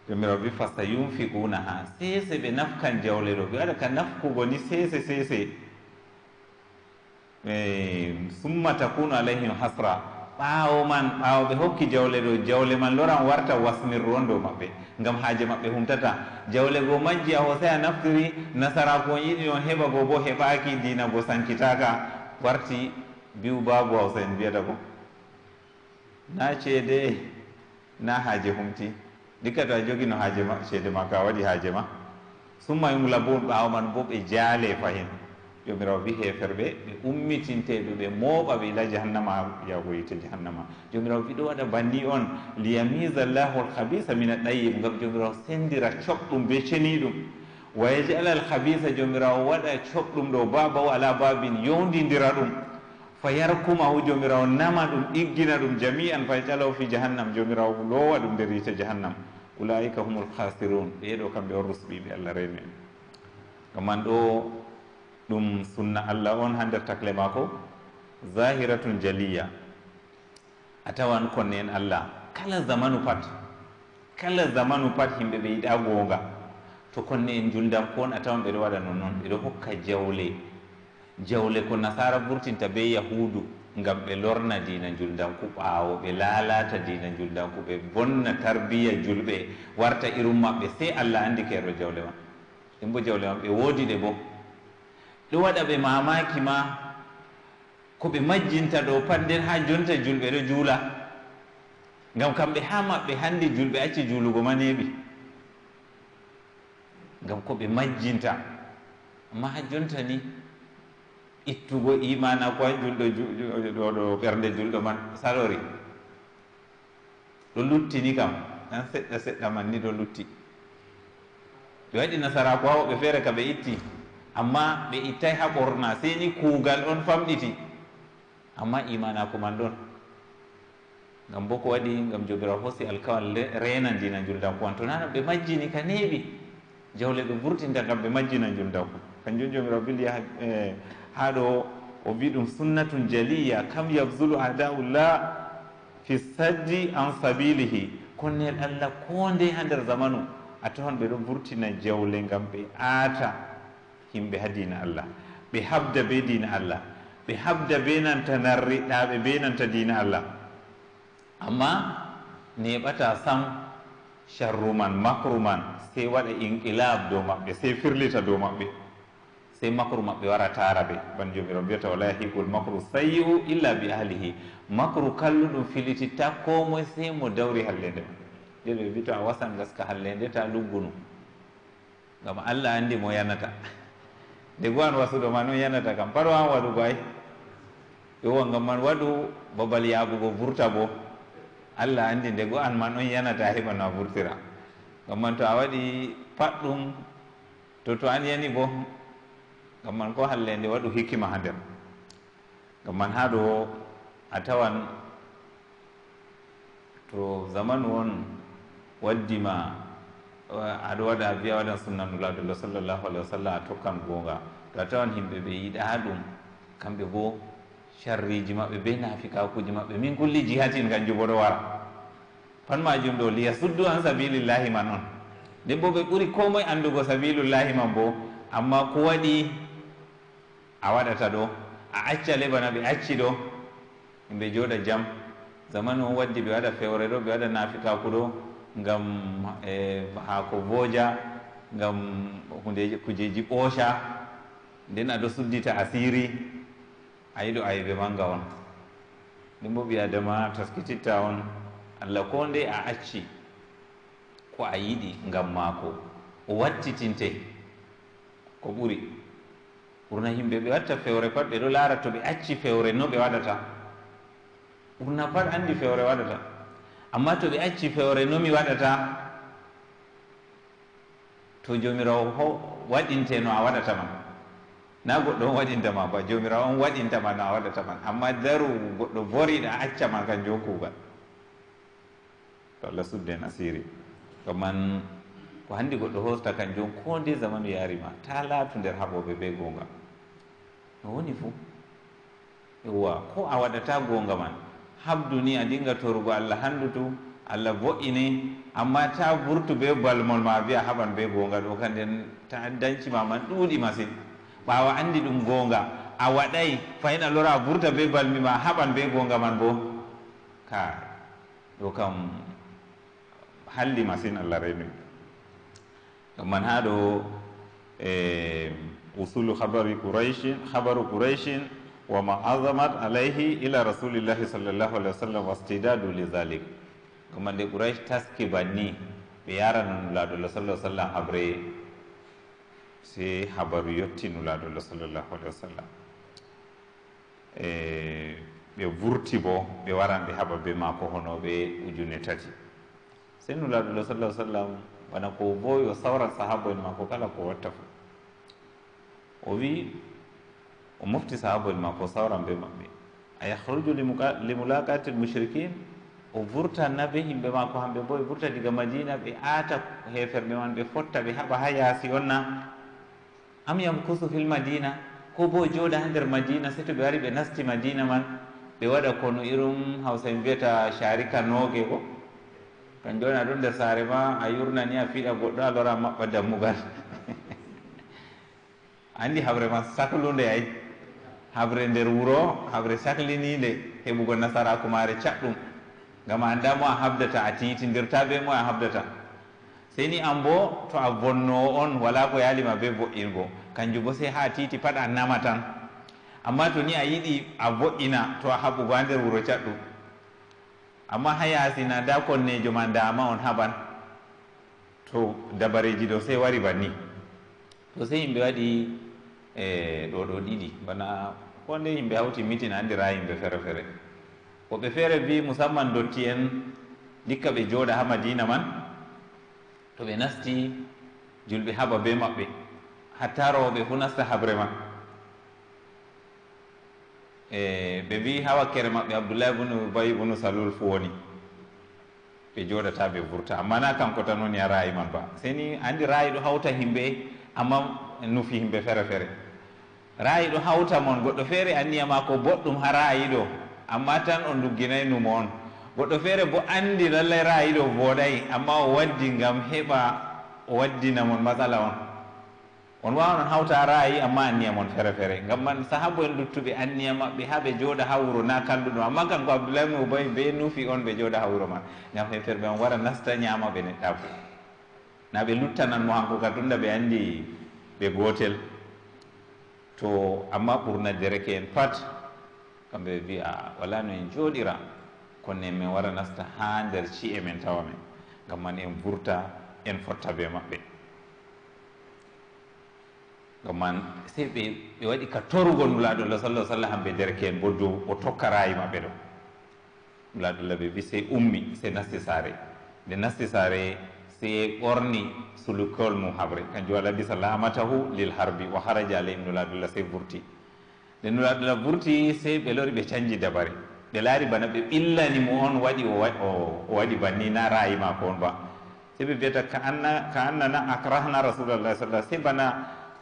jomirawo wi fasta yumfiguna ha ah, sese ɓe nafkan jawle ɗo ɓe waɗa ka nafkugo ni sese sese eh, summa takunu alayhim hasra ɓaawo man ɓaawo ɓe hokki jawle ɗo jawle man loran warta wasmir on maɓɓe ngam haaje maɓɓe humtata jawle go majji a hosay a naftiri nasaraku on yiɗi on heɓa go bo heɓaaki diina go sankitaka warti biw babu hawsa en mbiyata ko na ceede na haaje humti dikkata jogi no haaje ma ceede ma ka waɗi haaje ma summa yum labol ɓaawa man bo ɓe jaale fahin jomirawo wi heefere ɓe ɓe ummitinteɓe ɓe mooɓa ɓe ila jahannama yahoyite jahannama jomirawo wi ɗo waɗa banni on liyamisa llahu alhabisa min aɗayib ngam jomirawo sendira coɓɗum be ceniɗum wayajala alhabisa jomirawo waɗa coɓɗum ɗo babaw ala babin yowdidira ɗum fa yarkumahu jomirawo nama ɗum ɗiggina ɗum jami an fa jalawo fi jahannam jomirawo lowa ɗum nder yite jahannam ulaika hum lhasirun ɓeeɗo kamɓe on rusɓiɓe allah rewi men gaman ɗo ɗum sunna allah on ha nder tacle mako zahiratun jaliya a tawan konne en allah kala zamanu pat kala zamanu pat yimɓe ɓe yiɗa gonga to konne en juldam kon a tawan ɓeɗo waɗa non noon ɓeɗo hokka jawle jawle ko nasara vurtinta be yahudu ngam ɓe lorna dina juldanku ɓaawo ɓe laalata dina juldanku ɓe bonna tarbiya julɓe warta irum maɓɓe sey allah anndi keero jawle ma ɗum bo jawle ma ɓe woodi ɗe bo ɗum waɗa ɓe mamaki ma ko ɓe majjinta ɗo pat nden haa jonta julɓe ɗo juula ngam kamɓe haa maɓɓe hanndi julɓe acci juulugo ma neeɓi ngam ko ɓe majjinta amma haa jonta ni ittugo imana ko han julɗo ɗo ɗo julɗo man salori ɗo luttini kam tan seɗɗa seɗɗa man ni ɗo lutti ɓe waɗi nasarako ko woɓɓe feere ka ɓe itti amma ɓe ittai ha ɓorna sei ni kuugal on famɗiti amma imanako man ɗon ngam bo ko waɗi ngam jobira hosi alkawal rena ndina juldanko an to nana ɓe majjini ka neeɓi jawle ɓe vurtinta ngam ɓe majjina juldanko kanjum jomira bili yaha eh, ha ɗo o mbi ɗum sunnatun jaliya kam yabzulu adaullah fi sajji an sabilihi konnel allah ko nde ha nder zamanu a tawan ɓe ɗo vurtina jawle ngam ɓe aata yimɓe ha dina allah ɓe habda be dina allah ɓe habda be nanta narriɗaɓe be nanta dina allah amma neɓata sam charru man makru man sey waɗa inqilab dow maɓɓe sey firlita dow maɓɓe sey makru maɓɓe wara taaraɓe ban jomiro mbiyata wala yahikul makru sayyiu illa bi ahlihi makru kalluɗum filititta ko moye sey mo dawri hallendema ɗeɗo wi to a wasan gaska hallende ta luggunu ngam allah anndi mo yanata nde go an wasuɗo ma noon yanata kam paɗo an waɗugo ay yowo ngam man waɗu babal yaagugo vurta bo allah anndi nde go an ma noon yanata heɓa no a vurtira ngam man to a waɗi paɗɗum to to an yani bo gam man ko hallende waɗu hikima ha nder gam man ha ɗo a tawan to zaman on waddima eh, aɗa waɗa biya waɗan sunnanulabillah sallllahu alah wa sallam a tokkan gonga to a tawan himɓe ɓe yiɗa ɗum kamɓe bo sharriji maɓɓe be nafikakuji maɓɓe min kulli jihatin kanjum boɗo wara pan majum ɗo liya suddu an sabilillahi man on nden bo ɓe ɓuri ko moye andugo sabilullahi man bo amma ko waɗi a waɗata ɗo a acca lebana ɓe acci ɗo yimɓe jooɗa jam zamane on waddi ɓe waɗa fewre ɗo ɓe waɗa nafikaku ɗo ngam e haako booja ngam hunde kujeji ɓoosa nden aɗo suddita asiri a yiɗo ayiɓe manga on ndembo ɓi adama taskititta on allah ko nde a acci ko a yiɗi ngam maako o wattitinte ko ɓuri ɓurna yimɓe ɓe watta fewre pat ɓe ɗo laara to ɓe acci fewre no ɓe waɗata ɓurna pat anndi fewre waɗata amma to ɓe acci fewre no mi waɗata to joomirawo ho waɗinte no a waɗata ma na goɗɗo on waɗintama ba joomirawo on waɗintama no a waɗata ma amma daru goɗɗo voriɗa accama kan jo kuugal to allah sudden asiri koman ko hanndi goɗɗo hosta kan jon ko nde zamanu yaarima ta laatu nder haɓoɓe be gongal no woni fof yowa ko a waɗata gonga man habdu ni a ndinga torugo allah handu to allah bo'ini amma ta ɓurtu be balmol ma biya haɓan be gonga ɗo kan nden ta dancima man ɗuuɗi masine ɓawa andi ɗum gonga a waɗay fayin alora a ɓurta be balmi ma haɓan be gonga man bo ka ɗo kam halli masine allah renu ɗo man ha ɗo e eh, usulu habari quraishin habaru quraishin wa ma azamat alayhi ila rasulillahi sall llahu alih wa sallam wastidadu lidhalik komande quraish taski banni ɓe yarana nulaɗolo sallah sallam abre se habaru yetti nulaɗolo sallllahu alih wa sallam e ɓe vurti bo ɓe waran ɓe haɓa be mako honoɓe ujune tati se nulaɗolo sallah sallam wana ko boyo sawra sahaba en mako kala ko watta fof o wi o mofti sahabol makko sawran be maɓɓe a yahruju limulakati lmushrikine o vurta nabe yimɓe makko hamɓe bo e vurta diga madina ɓe aata heferɓe man ɓe fotta ɓe haɓa ha yaasi onna am yamkusu fil madina ko bo jooɗa ha nder madina si to ɓe wari ɓe nasti madina man ɓe waɗa kono irum hawsa en mbiyata sharika nooge ko kan jooni aɗo nder saare ma a yurnani a fiiɗa goɗɗo a lora maɓɓa dammugal andi habrema sahlude ay habre nder wuuro habre sahlinide heɓugo nasaraku maare caɗɗum ngam annda mo a habdata a tiitindirta be mo a habdata seni an bo to a bonnowo on wala bo yalima be bo'irgo kanjum bo se ha tiiti pat a nama tan amma to ni a yiɗi a bo'ina to a haɓugo ha nder wuuro caɗɗum amma ha yasina da konnejo ma dama on haɓan to dabareji ɗo se wari ban ni to sai yimɓe waɗi e eh, ɗo ɗo ɗiɗi wona wonde yimɓe hawti mitin andira yimɓe fere fere woɓɓe feere bi musamman dotti en dikka ɓe jooɗa ha madina man to ɓe nasti julɓe haɓa be maɓɓe hatta rowɓe fu nasta habre ma e ɓe mbi ha wakkere maɓɓe abdoullahi bunu ubay bunu salul fu woni ɓe jooɗata ɓe vurta amma na kanko tan woni a raayi man ba seni anndi raayi ɗo hawta himɓe amma nufi yimɓe fere fere raayi ɗo hawta mon goɗɗo feere anniyama ko boɗɗum ha raayi ɗo amma tan o ndugginay numo on goɗɗo feere bo anndi lallay raayi ɗo booɗay amma o waddi ngam heɓa o waddina mon masala on on wawa non hawta raayi amma anniya mon fere fere ngam man sahabu en luttuɓe anniya maɓɓe ha ɓe jooɗa ha wuro na kalluɗum amma kanko abdoulahi mi ubay be nuufi on ɓe jooɗa ha wuro man ngam heftere ɓe on wara nasta ñaama ɓe neɗɗaɓe na ɓe luttanan mo hanko ka tunda ɓe anndi ɓe gootel to amma ɓurna dereke en pat kamɓe ɓe mbiya wala no en jooɗira kone min wara nasta haa nder ci e men tawa men ngam man en vurta en fotta be maɓɓe ngam man sey ɓe ɓe waɗi ka torugo nulaaɗullah sallah sallah hamɓe dereke en boddu o tokka raayi maɓɓe ɗo nulaaɗullah ɓe mbi sey ummi sey nasti saare nde nasti saare se ɓorni sulukol mum habre kanjum wala bisa lamatahu lil harbi o haraja ala ibnul abdullah se vurti nde nul abdullah vurti se ɓe lori ɓe canji dabare ɓe laari bana ɓe ɓillani mo on waɗi o waɗi banni na rayi mako on ba se ɓe biyata ka anna ka anna na acrahna rasulullah sa sallam se bana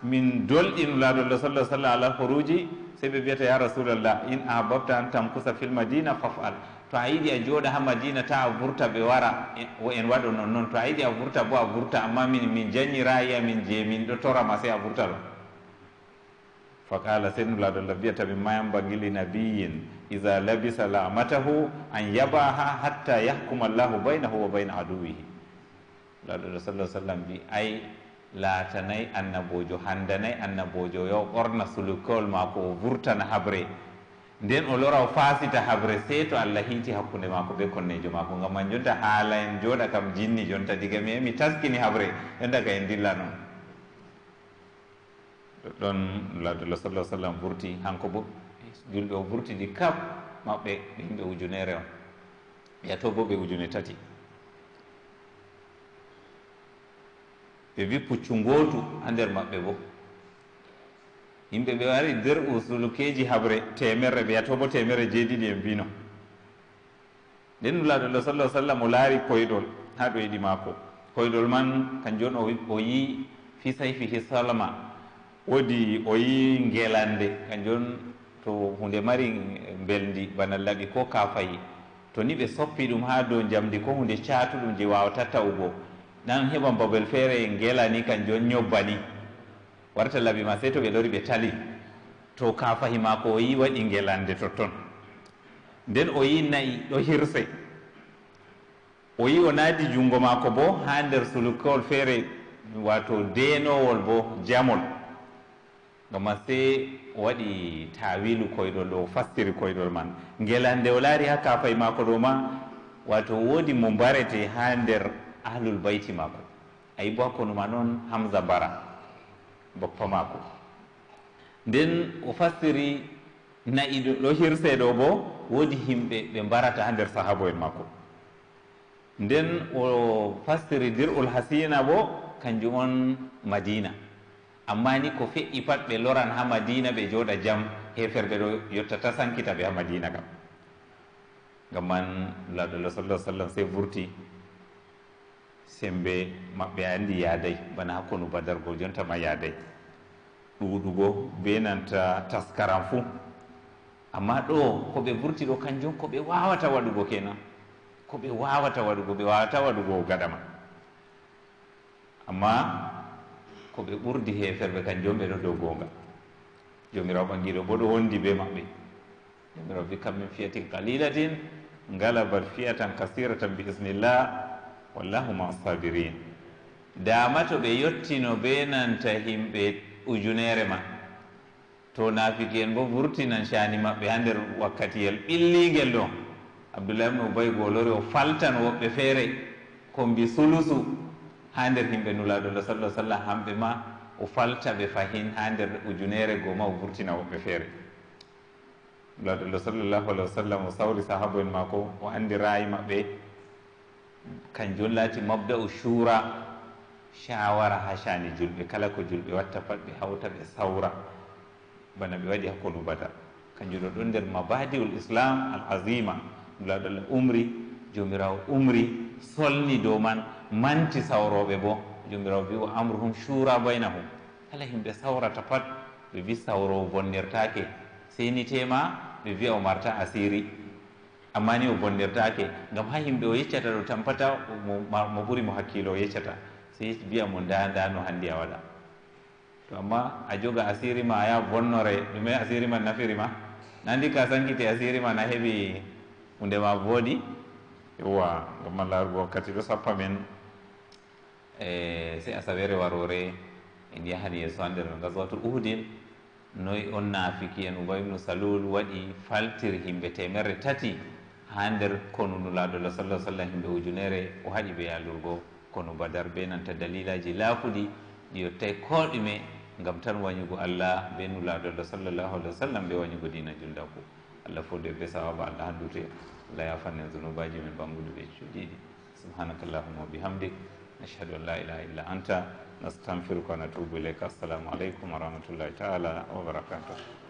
min dolɗinulaɗullah sallah sallam ala horuji se ɓe biyata ya rasulullah in ahbabta an tankusa fil madina faf al to a yiɗi a jooɗa ha madina ta a vurta ɓe wara e, en waɗo nonnoon to a yiɗi a vurta bo a vurta amma min min jañiraya min jeemin ɗo torama sey a vurta ɗo fa qala senulaɗolla mbiyata min mayambagili nabiyin ida labisa lamatahu an yabaha hatta yahkuma llahu baynahu wa bayna aduwihi laɗoɗo sallah sallam mbi ay laatanay annabojo handanay annabojo yo ɓorna sulukol maako o vurtana habre nden o lora o fasita habre sey to allah hiiti hakkunde maako be konnejo maako ngam man jonta haala en jooɗa kam jinni jonta diga mi mi taskini habre en daga en dilla noon ɗon laadullah sallah sallam burti hanko bo julɓe o burtiɗi kap maɓɓe yimɓe ujunere on ɓeya to bo ɓe ujune tati ɓe wi puccu gootu ha nder maɓɓe boo yimɓe ɓe wari nder usulukeji habre temerre ɓeya to bo temerre jeeɗiɗi en mbino nden nulaɗolo sallah sallam o laari koyɗol ha ɗo yiɗi maako koyɗol man kanjum on o yi fi sayfi hi salma woodi o yi ngelande kanjum on to hunde mari mbeldi bana laɓi ko kafayi to ni ɓe soppi ɗum ha dow jamdi ko hunde catuɗum je wawata tawgo ɗan heɓa babel feere ngela ni kanjum on ñobba ni warta laɓi ma sey to ɓe lori ɓe tali to ka fahi ma ko o yi waɗi ngelande totton nden o yi nayi ɗo hirse o yi o naadi junngo maako bo haa nder sulukol feere wato deenowol bo jamol gama sey o waɗi tawilu koyɗol ɗo o fastiri koyɗol man ngelande o laari haa kafay maako ɗo ma wato woodi mo mbarete haa nder ahlul bayti maako ayi bo hakkunuma noon hamsa mbara boppa maako nden o fastiri nayi ɗo hirsee ɗo boo woodi yimɓe ɓe mbarata haa nder sahaabo en maako nden o fastiri dirul hasina boo kanjum on madina amma ni ko feƴƴi pat ɓe loran haa madina ɓe jooɗa jam heeferɓe ɗo yottata sankita ɓe haa madina kam ngam man laɗo lo sallah sallam sey vurti sembe maɓɓe andi yaaday bana hakkundu badargo jonta ma ɗuɗugo be nanta taskaram fuu amma ɗo ko ɓe vurti ɗo kanjum ko ɓe wawata waɗugo kenan ko ɓe wawata waɗugo ɓe wawata waɗugo gadama amma ko ɓe ɓurdi heferɓe kanjum ɓe ɗo dow gonga jomirawo ɓangiɗo bo ɗo wondi be maɓɓe jomirawo wi kam min fiyatin qalilatin ngalabat fiyatan kasiratan bi ismillah wallahu ma sabirin dama to ɓe yettino be nanta himɓe ujunere ma to nafiki en bo vurtinan cani maɓɓe ha nder wakkatiyel ɓilligel ɗo abdoullahi ibnu ubay golori o faltan woɓɓe feere kombi sulusu ha nder himɓe nulaɗo lo sall sallam hamɓe ma o falta ɓe fahin ha nder ujunere gooma o vurtina woɓɓe feere nulaɗo lo sallllahu alah wa sallam o sawri sahabu en maako o andi rayi maɓɓe kanjum laati mabda'u suura chawara ha cani julɓe kala ko julɓe watta pat ɓe hawta ɓe sawra bana ɓe waɗi hakkudu bada kanjum ɗo ɗon nder mabadi ul islam al azima ulaɗalla umri jomirawo umri solni dow man manti sawroɓe bo jomirawo bi o amruhum suura baynahum kala himɓe sawrata pat ɓe wi sawrowo bonnirtake seni tema ɓe wiya o marta asiri amma ni o bondirtake ngam ha yimɓe o yeccata ɗo tan pata mo ɓuri mo hakkilo o yeccata si mbiya mo nda nda no hanndi a waɗa to amma a joga asiri ma a yaha bonnore ɗume asiri ma nafiri ma nandi ka sankiti asiri ma na heɓi hunde ma booɗi yowa ngam ma wakkati ɗo sappa men e sey asawere warore en yahani yeeso ha nder gaswatu uhdin noyi on naafiki en ubay ibnu salul waɗi faltir himɓe temerre tati ha nder konundu laadola sallah sallam himɓe ujunere o haƴi ɓe yalurgo kono badar be nanta dalilaji laakuɗi ɗi yettai e ko ɗume ngam tan wañugo allah be nu laadola sallllahu alih wa sallam ɓe wañugo dina juldaku allah fo de ɓe sawaba allah e handute allah yafanen zunubaji men banguɗu ɓe cuuɗiɗi subhanaka llahuma wabihamdik nachhadu an la ilaha illa anta nastanfiruka natubu ileyka assalamu aleykum wa rahmatullahi taala wa barakatuh